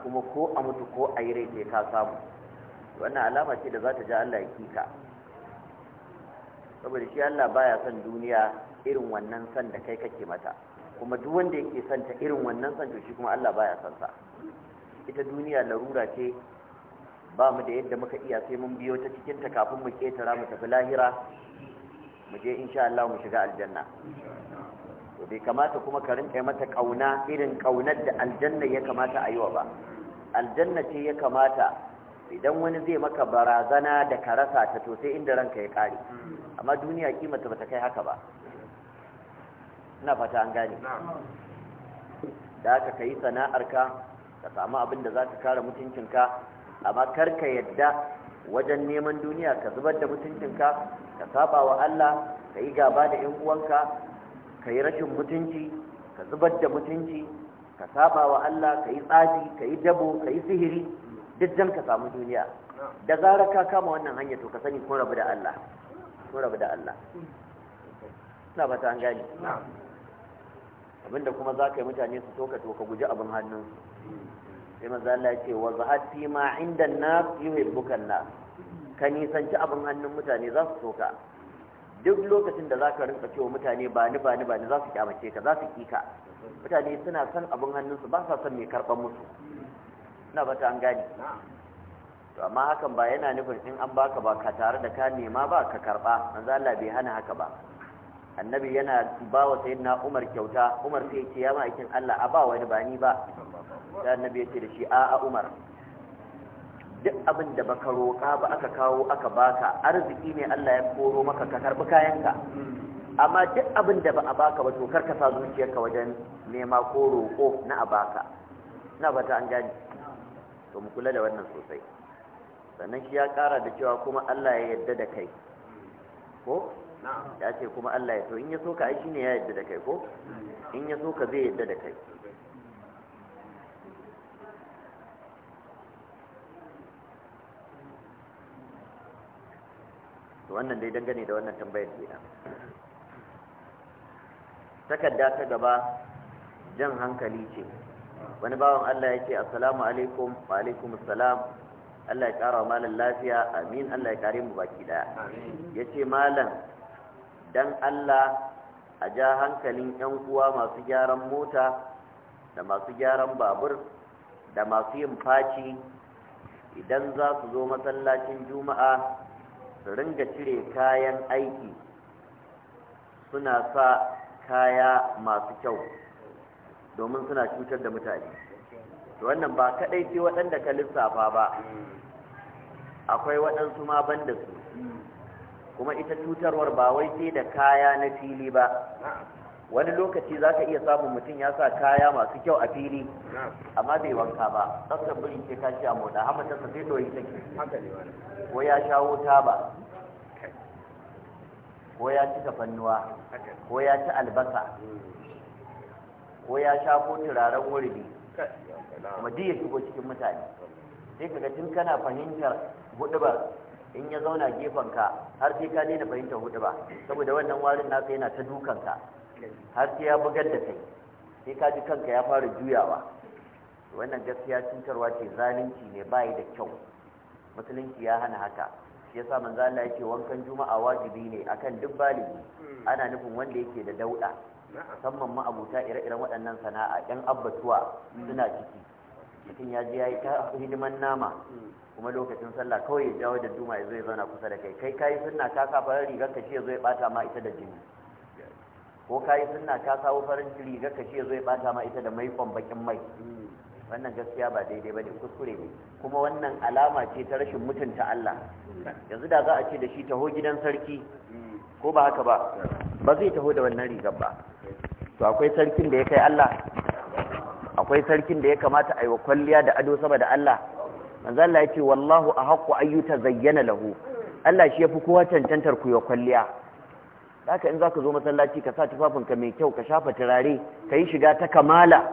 S1: kuma ko a mutu ko a yi rai sai ka samu wannan alama ce da za ta ja Allah ya kika saboda shi Allah baya son duniya irin wannan son da kai kake mata kuma duk wanda yake son ta irin wannan son to shi kuma Allah baya son sa ita duniya larura ce ba mu da yadda muka iya sai mun biyo ta cikin ta kafin mu ketara mu tafi lahira mu je insha Allah mu shiga aljanna to bai kamata kuma ka rinka mata kauna irin kaunar da aljanna ya kamata a yi wa ba aljanna ce ya kamata idan wani zai maka barazana da ka rasa ta to sai inda ranka ya kare amma duniya kimata ta kai haka ba ina fata an gane da haka kai sana'arka ka samu abin da za ka kare mutuncinka amma kar ka yadda wajen neman duniya ka zubar da mutuncinka ka saba wa Allah ka yi gaba da 'yan uwanka ka yi rashin mutunci ka zubar da mutunci ka saba wa Allah ka yi tsafi ka yi dabo ka yi sihiri duk dan ka samu duniya da zarar ka kama wannan hanya to ka sani kun rabu da Allah kun rabu da Allah ina fata an na'am abinda kuma za ka yi mutane su toka to guji abin hannunsu sai maza Allah ya ce wa zahad fi ma inda nas bukan na ka nisanci abin hannun mutane za su toka duk lokacin da za ka rinka cewa mutane ba ni ba ni ba ni za su kyamace ka za su kika mutane suna son abin hannunsu ba sa son mai karɓar musu ina ba ta an gane to amma hakan ba yana nufin in an baka ba ka tare da ka nema ba ka karɓa manzo Allah bai hana haka ba annabi yana ba wa sayyidina Umar kyauta Umar sai ya ce ya ma'aikin Allah a ba wani ba ni ba sai annabi ya ce da shi a a Umar duk abin da baka roƙa ba aka kawo aka baka arziki ne Allah ya koro maka ka karbi kayanka amma duk abin da ba a baka ba to karka sa zuciyarka wajen nema ko roƙo na a baka na fata an gani to mu kula da wannan sosai sannan shi ya ƙara da cewa kuma Allah ya yarda da kai ko ya ce kuma Allah ya so in ya so ka aiki ne ya yadda da kai ko in ya so ka zai yadda da kai wannan dai dangane da wannan tambayar kenan takarda ta gaba jan hankali ce wani bawan Allah ya ce assalamu alaikum wa alaikum assalam Allah ya kara wa malam lafiya amin Allah ya kare mu baki daya ya ce malam dan Allah a ja hankalin 'yan uwa masu gyaran mota da masu gyaran babur da masu yin faci idan za su zo masallacin juma'a su ringa cire kayan aiki suna sa kaya masu kyau domin suna cutar da mutane wannan ba kadai ce waɗanda ka lissafa ba akwai waɗansu ma ban da su kuma ita cutarwar ba wai sai da kaya na fili ba wani lokaci za ka iya samun mutum ya sa kaya masu kyau a fili amma bai wanka ba tsaftar biri ce ka ci a moda amma ta sa sai doyi take ko ya shawo taba ko ya ci tafannuwa ko ya ci albasa ko ya sha ko turaren wurbi kuma duk ya shigo cikin mutane sai kaga tun kana fahimtar hudubar in ya zauna gefen ka har sai ka daina fahimtar hudu ba saboda wannan warin nasa yana ta dukanka ka har sai ya bugar da kai sai ka ji kanka ya fara juyawa wannan gaskiya cutarwa ce zalunci ne bayi da kyau musulunci ya hana haka shi yasa manzo Allah yake wankan juma'a wajibi ne akan duk baligi ana nufin wanda yake da dauda musamman ma abuta ire-iren waɗannan sana'a ɗan abbatuwa suna ciki mutum ya je ya yi ta hidiman nama hmm. kuma lokacin sallah kawai ya jawo da duma ya zo ya zauna kusa da kai kai ka yi sunna ka sa farin rigar ka shi ya zo ya bata ma ita da jini ko ka yi sunna ka sa farin rigar ka shi ya zo ya bata ma ita da mai bakin mai hmm. wannan gaskiya ba daidai ba ne kuskure ne kuma wannan alama ce ta rashin mutunta Allah hmm. yanzu da za a ce da shi taho gidan sarki ko ba haka ba ba zai taho da wannan rigar ba to akwai sarkin da ya kai Allah akwai sarkin da ya kamata a yi wa kwalliya da ado sama da Allah manzo Allah ya ce wallahu ahaqqu ayyuta zayyana lahu Allah shi yafi kowa cancantar ku yi wa kwalliya haka in zaka zo masallaci ka sa tufafinka mai kyau ka shafa turare ka yi shiga ta kamala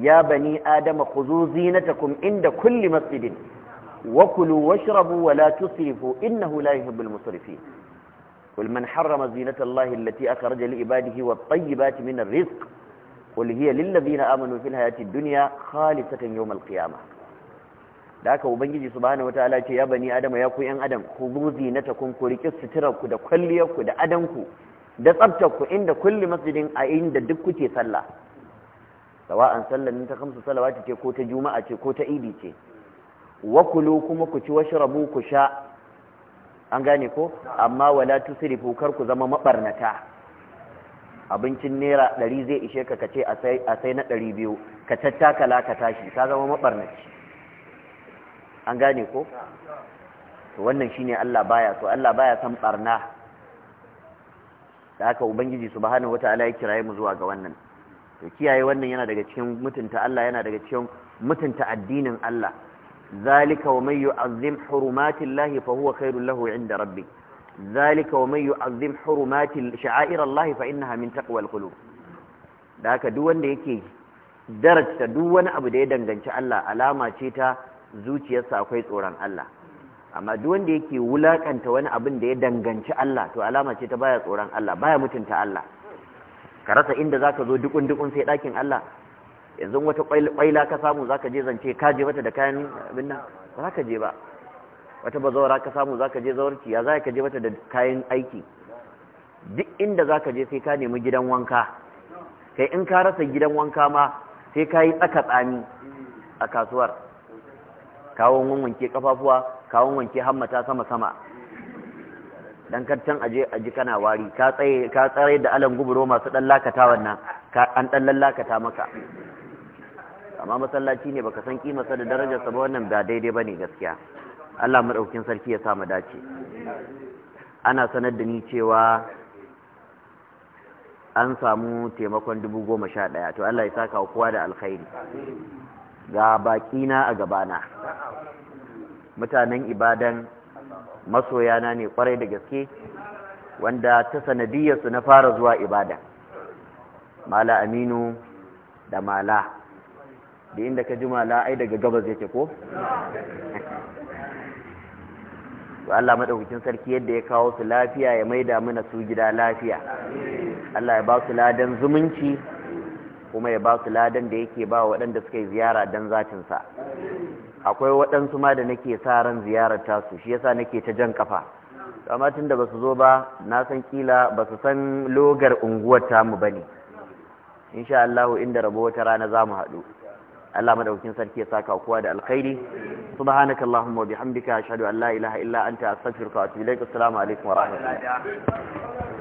S1: ya bani adama khuzu zinatakum inda kulli masjidin wa kulu washrabu wa la tusrifu innahu la yuhibbul musrifin قل من حرم زينة الله التي أخرج لعباده والطيبات من الرزق qul hiya lil ladina amanu fil hayati dunya khalisatan yawm al qiyamah da haka ubangiji subhanahu wataala ce ya bani adama ya ku yan adam ku zinatakum ku riki suturar ku da kwalliyar ku da adan ku da tsabtar ku inda kulli masjidin a inda duk kuke sallah sawa'an sallan ta kamsu salawati ce ko ta juma'a ce ko ta idi ce wa kulu kuma ku ci washrabu ku sha an gane ko amma wala tusrifu kar ku zama mabarnata abincin naira ɗari zai ishe ka kace a sai na ɗari biyu ka tattakala ka tashi ka zama maɓarnaci an gane ko to wannan shine Allah baya so Allah baya san barna da haka ubangiji subhanahu wataala ya kiraye mu zuwa ga wannan to kiyaye wannan yana daga cikin mutunta Allah yana daga cikin mutunta addinin Allah zalika wa man yu'azzim hurumatillahi fa huwa khairul lahu 'inda rabbih zalika wa يعظم حرمات hurumati الله Allah fa تقوى القلوب ذاك qulub da haka duk wanda yake darajta duk wani abu da ya danganci Allah alama ce ta zuciyarsa akwai tsoron Allah amma duk wanda yake wulakanta wani abin da ya danganci Allah to alama ce ta baya tsoron Allah baya mutunta Allah ka rasa inda zaka zo dukun dukun sai dakin Allah yanzu wata kwaila ka samu zaka je zance ka je mata da kayan abin nan ba zaka je ba wata bazawara ka samu zaka je zawarci ya za ka je mata da kayan aiki duk inda zaka je sai ka nemi gidan wanka kai in ka rasa gidan wanka ma sai ka yi tsaka tsami a kasuwar kawon wanke kafafuwa kawon wanke hammata sama sama dan kattan aje aji kana wari ka tsaye tsare da alan guburo masu dan lakata wannan an dan lalakata maka amma masallaci ne baka san kimarsa da darajarsa ba wannan ba daidai bane gaskiya Allah maɗaukin sarki ya samu dace ana sanar da ni cewa an samu taimakon dubu goma sha ɗaya to Allah ya saka wa kowa da alkhairi ga baƙi na a gabana mutanen ibadan masoya na ne kwarai da gaske wanda ta sanadiyarsu na fara zuwa ibada mala aminu da mala da inda ka ji mala ai daga gabas yake ko to Allah madaukakin sarki yadda ya kawo su lafiya ya maida mana su gida lafiya Allah ya ba su ladan zumunci kuma ya ba su ladan da yake ba waɗanda suka yi ziyara don zatinsa akwai waɗansu ma da nake sa ran ziyarar su, shi yasa nake ta jan kafa amma tun da ba su zo ba na san kila ba su san logar unguwar tamu ba ne insha Allah inda rabo wata rana za mu haɗu Allah madaukakin sarki ya saka kowa da alkhairi subhanaka allahumma wa bihamdika ashhadu an la ilaha illa anta astaghfiruka wa atubu ilaik assalamu alaikum wa
S2: rahmatullahi